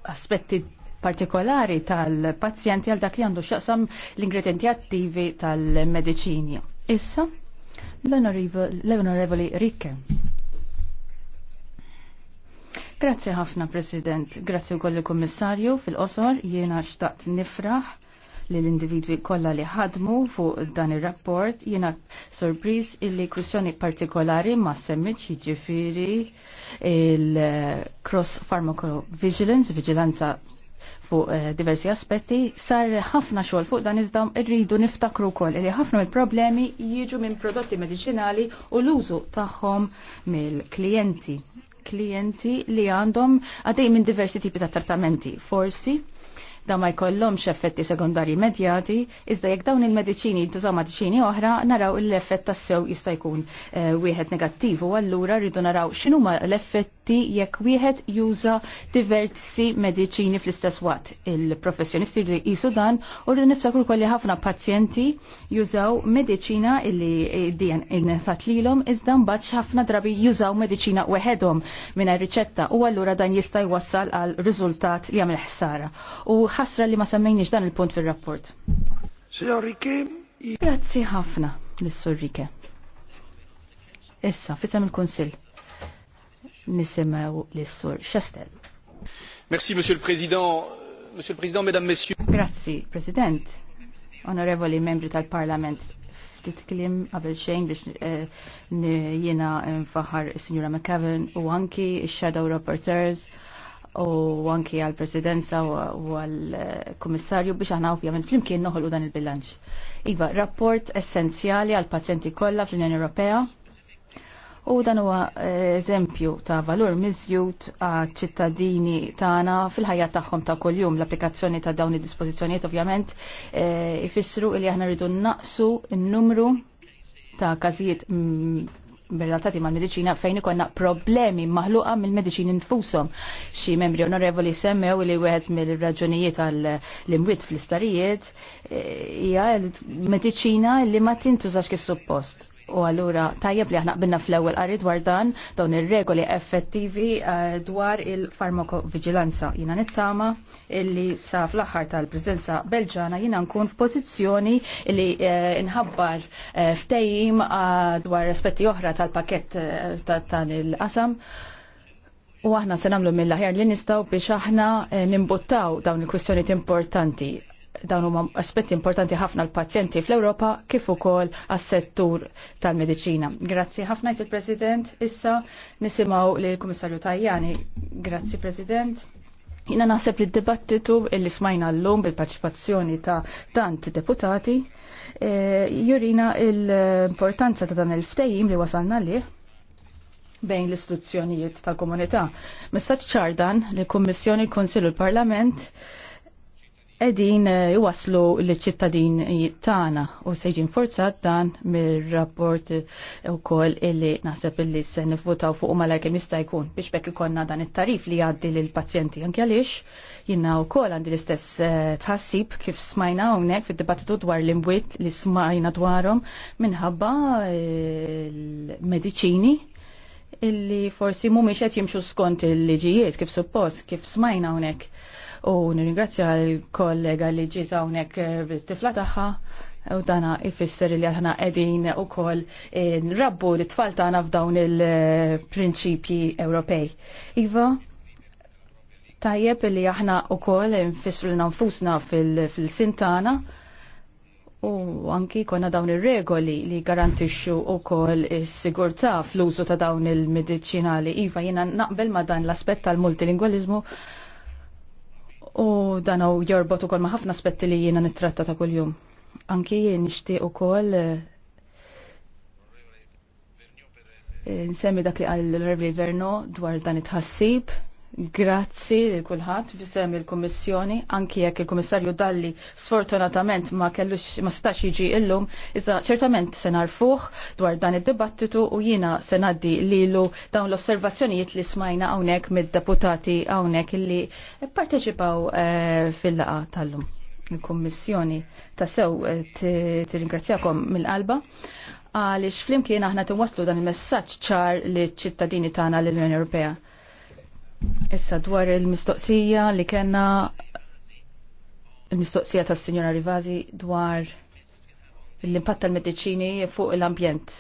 aspetti partikolari tal-pazjenti għal dak li għandu xaqsam l-ingredienti attivi tal-medicini. Issa, l-Onorevoli Rikke. Grazie ħafna, President. Grazie u kollu kommissarju fil-qosor. Jiena xtaqt nifraħ li l-individwi kollha li ħadmu fuq dan ir-rapport jiena surpriz illi kwistjoni partikolari ma semmiċ jiġifieri il-cross pharmacovigilance, vigilanza fuq eh, diversi aspetti, sar ħafna xogħol fuq dan iżda rridu niftakru wkoll li ħafna mill-problemi jiġu minn prodotti mediċinali u l-użu tagħhom mill-klijenti klijenti li għandhom għaddej minn diversi tipi ta' trattamenti. Forsi, da ma jkollhomx effetti sekondarji medjati, iżda jekk dawn il-mediċini jintużaw mediċini oħra, naraw l-effett tas-sew jista' jkun eh, wieħed negattiv u allura rridu naraw x'inhuma l-effetti effetti jekk wieħed juża diversi mediċini fl-istess waqt. Il-professjonisti li jisu dan u li niftakru kolli ħafna pazjenti jużaw mediċina illi eh, dien innefat lilhom iżda mbagħad ħafna drabi jużaw mediċina weħedhom mingħajr riċetta u allura dan jista' jwassal għal riżultat li għamil ħsara. U ħasra li ma semmejniex dan il-punt fir-rapport. Signor Grazzi ħafna, l sorrike Issa, fisem il-Konsil nisimaw l-sur Chastel.
Merci, Monsieur le Président. Monsieur le
Président, Mesdames, Messieurs.
Grazzi, President. Onorevoli membri tal-Parlament. Ftit klim qabel xejn biex eh, jiena nfaħar signora sinjura u anki x-Shadow Rapporteurs u anki għal presidenza u għal komissarju biex aħna ovvjament flimkien noħolqu dan il-bilanċ. Iva, rapport essenzjali għal pazjenti kollha fl-Unjoni Ewropea u dan huwa eh, eżempju ta' valur miżjud għal ċittadini tagħna fil-ħajja tagħhom ta' kuljum. L-applikazzjoni ta' dawn id-dispożizzjonijiet ovvjament eh, ifissru li aħna rridu naqsu n-numru ta' każijiet mm, relatati mal medicina fejn ikonna problemi maħluqa mill mediċini nfusom. Xi membri onorevoli semmew li wieħed mill-raġunijiet għall imwiet fl-istarijiet eh, hija l-medicina li ma tintużax kif suppost. U allura tajjeb li aħna qbilna fl-ewwel qari dwar dan dawn ir-regoli effettivi eh, dwar il-farmakovigilanza. Jina nittama illi sa fl-aħħar tal-Presidenza Belġana jina nkun f'pożizzjoni li eh, nħabbar eh, ftejim dwar aspetti oħra tal-pakett tal-qasam. U aħna se nagħmlu mill-aħjar li nistgħu biex aħna nimbuttaw dawn il-kwistjonijiet importanti dawn huma aspetti importanti ħafna l-pazjenti fl-Ewropa kif ukoll għas-settur tal-mediċina. Grazzi ħafna il President. Issa nisimgħu lil Kummissarju Tajjani. Grazzi President. Jina naħseb li d-dibattitu illi smajna l-lum bil-parċipazzjoni ta' tant deputati e, jurina l-importanza ta' dan il-ftejim li wasalna li bejn l-istituzzjonijiet tal-komunità. Messaċ ċardan li kummissjoni l-Konsil u l-Parlament edin jwaslu eh, l-ċittadin tagħna u se forzat dan mir-rapport eh, ukoll illi naħseb illi se nivvutaw fuq malar kemm jista' jkun biex bekk ikonna dan it-tarif li jgħaddi lill-pazjenti anke għaliex jiena wkoll għandi l-istess eh, tħassib kif smajna hawnhekk fid-dibattitu dwar l-imwiet li smajna dwarhom minħabba l-mediċini illi forsi mhumiex qed jimxu skont il-liġijiet kif suppost kif smajna hawnhekk u nirringrazzja l-kollega li ġiet hawnhekk eh, bit-tifla tagħha u dana ifisser li aħna qegħdin ukoll eh, nrabbu l-tfal tagħna f'dawn il-prinċipji Ewropej. Iva, tajjeb li aħna ukoll nfissru nfusna fil-sintana u anki konna dawn ir-regoli li garantixxu wkoll is-sigurtà fl-użu ta' dawn il-mediċinali. Iva jiena naqbel ma' dan l-aspett tal multilingwaliżmu U dan u jorbot ukoll ma' ħafna aspetti li jiena nittratta ta' kuljum. Anki jien nixtieq ukoll eh, nsemmi dak li qal l-Revli Verno dwar dan it-ħassib Grazzi kulħadd bisem il-Kummissjoni, anki jekk il-Kummissarju Dalli sfortunatament ma kellux ma stax jiġi illum, iżda ċertament se narfuh dwar dan id-dibattitu u jiena se ngħaddi lilu dawn l-osservazzjonijiet li smajna hawnhekk mid-deputati hawnhekk illi pparteċipaw eh, fil-laqa tal-lum. Il-Kummissjoni ta' sew eh, tirringrazzjakom mill-qalba għaliex flimkien aħna tinwaslu dan il-messaġġ ċar li ċittadini tagħna l-Unjoni Ewropea Issa dwar il-mistoqsija li kena il-mistoqsija tas signora Rivazi dwar l-impatt tal-medicini fuq l-ambjent.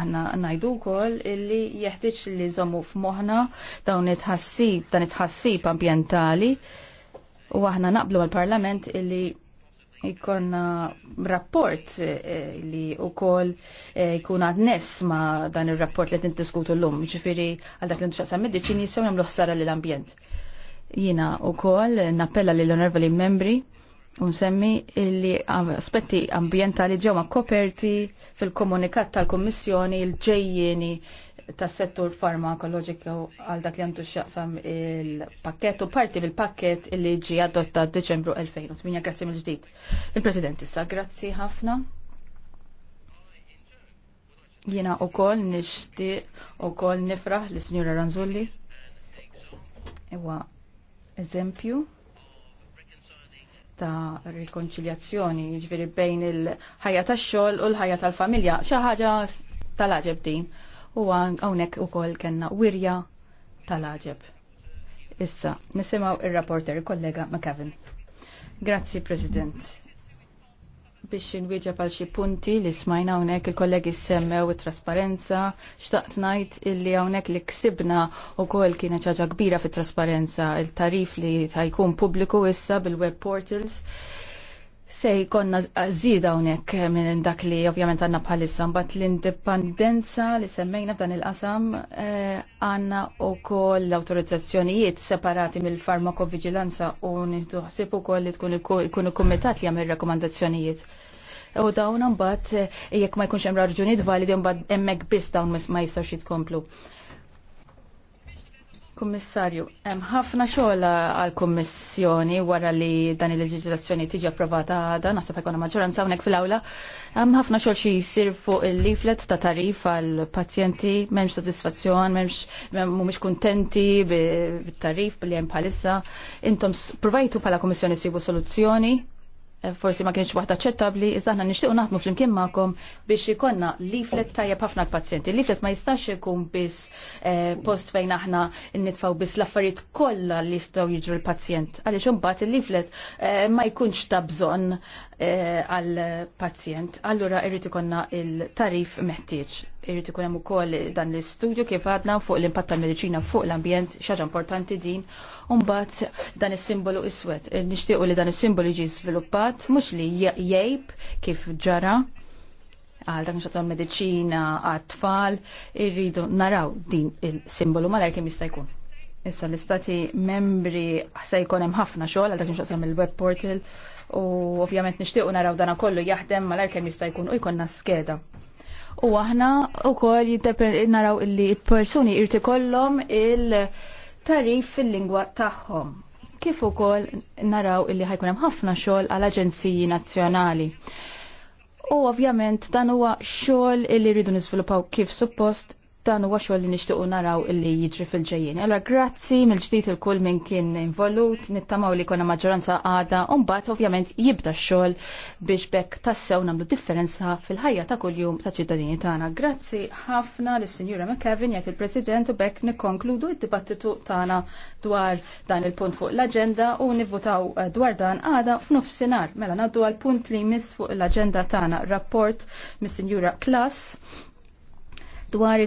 Aħna najdu kol illi jeħtieġ li żommu f'moħħna dawn it-ħassib, dan it-ħassib ambjentali u aħna naqblu mal-Parlament illi ikonna rapport eh, li u kol jkun eh, għad għadness ma dan il-rapport li tintiskutu l-lum, ġifiri għal dak li nċaqsam medicini jisew jamlu ħsara l-ambjent. Jina u kol nappella li l-onervali membri unsemmi li aspetti ambientali ġewma koperti fil-komunikat tal-Kommissjoni il-ġejjeni tas settur farmakoloġiku għal dak li għandu xaqsam il-pakket u parti mill pakket illi ġi għadotta Deċembru 2008. Grazzi mill-ġdid. Il-President issa, grazzi ħafna. Jena u kol nishti u kol nifraħ li signora Ranzulli. Ewa eżempju ta' rikonċiljazzjoni, ġviri jiġifieri bejn il-ħajja tax-xogħol u l-ħajja tal-familja, xi ħaġa tal-aġeb din u għawnek u kol kena wirja tal-ħġeb. Issa, nisimaw il-rapporter, kollega McKevin. Grazzi, President. Biex nwieġa pal xi punti li smajna hawnhekk il-kollegi semmew it-trasparenza, xtaqt ngħid illi hawnhekk li ksibna wkoll kienet ċaġa kbira fit-trasparenza, il-tarif li ta' jkun pubbliku issa bil-web portals se jkonna zida unek minn dak li ovvjament għanna bħalissa mbagħad l-indipendenza li semmejna f'dan il-qasam eh, għanna u koll l-autorizzazzjonijiet separati mill-farmakovigilanza u nieħdu ħsieb ukoll li tkun ikun il li jagħmel rakkomandazzjonijiet. U dawn mbagħad eh, jekk ma jkunx hemm raġunijiet validi mbagħad hemmhekk biss dawn ma jistgħux jitkomplu. Kummissarju, hemm ħafna xogħol għall-Kummissjoni wara li dan il-leġiżlazzjoni tiġi approvata għadha, naħseb ħajkun maġġoranza hawnhekk fil-awla. Hemm ħafna xogħol xi jsir fuq il-leaflet ta' tarif għall-pazjenti, m'hemmx sodisfazzjon, m'hemmx mhumiex kuntenti bit-tarif billi hemm bħalissa. Intom provajtu bħala Kummissjoni sibu soluzzjoni forsi ma kienx waħda ċettabli, iżda aħna nixtiequ naħdmu flimkien magħkom biex ikonna leaflet tajjeb ħafna l-pazjenti. Leaflet ma jistax ikun biss eh, post fejn aħna nitfgħu biss l-affarijiet kollha li jistgħu jiġru l-pazjent. Għaliex imbagħad il-leaflet eh, ma jkunx ta' bżonn Eh, għal pazjent. Allura irrit ikonna il-tarif meħtieġ. Irrid ikun hemm ukoll dan l-istudju kif għadna fuq l-impatt tal-mediċina fuq l-ambjent xaġa importanti din. Umbagħad dan is-simbolu iswed. Eh, nixtiequ li dan is-simbolu jiġi żviluppat mhux li jgħib kif ġara għal dak xaġa mediċina għat-tfal, irridu naraw din il-simbolu mal kemm jista' jkun. Issa l-istati membri se jkun hemm ħafna xogħol għal dak xaqsam il-web portal u ovvjament nixtiequ naraw dana kollu jaħdem malajr kemm jista' jkun u jkollna skeda. U aħna wkoll naraw illi persuni irti kollhom il-tarif fil-lingwa tagħhom. Kif ukoll naraw illi ħajkun hemm ħafna xogħol għal aġenziji nazzjonali. U ovvjament dan huwa xogħol illi rridu niżviluppaw kif suppost dan huwa xogħol li nixtiequ naraw illi jiġri fil-ġejjin. Allora grazzi mill-ġdid il-kull minn kien involut, nittamaw li konna maġġoranza għada, u mbagħad ovvjament jibda x-xogħol biex bekk tassew nagħmlu differenza fil-ħajja ta' kuljum ta' ċittadini tagħna. Grazzi ħafna lis sinjura McKevin jgħid il-President u bekk nikkonkludu d-dibattitu tagħna dwar dan il-punt fuq l-aġenda u nivvutaw eh, dwar dan għada f'nofsinhar. Mela ngħaddu għal punt li jmiss fuq l-aġenda tagħna rapport mis-Sinjura Klass dwar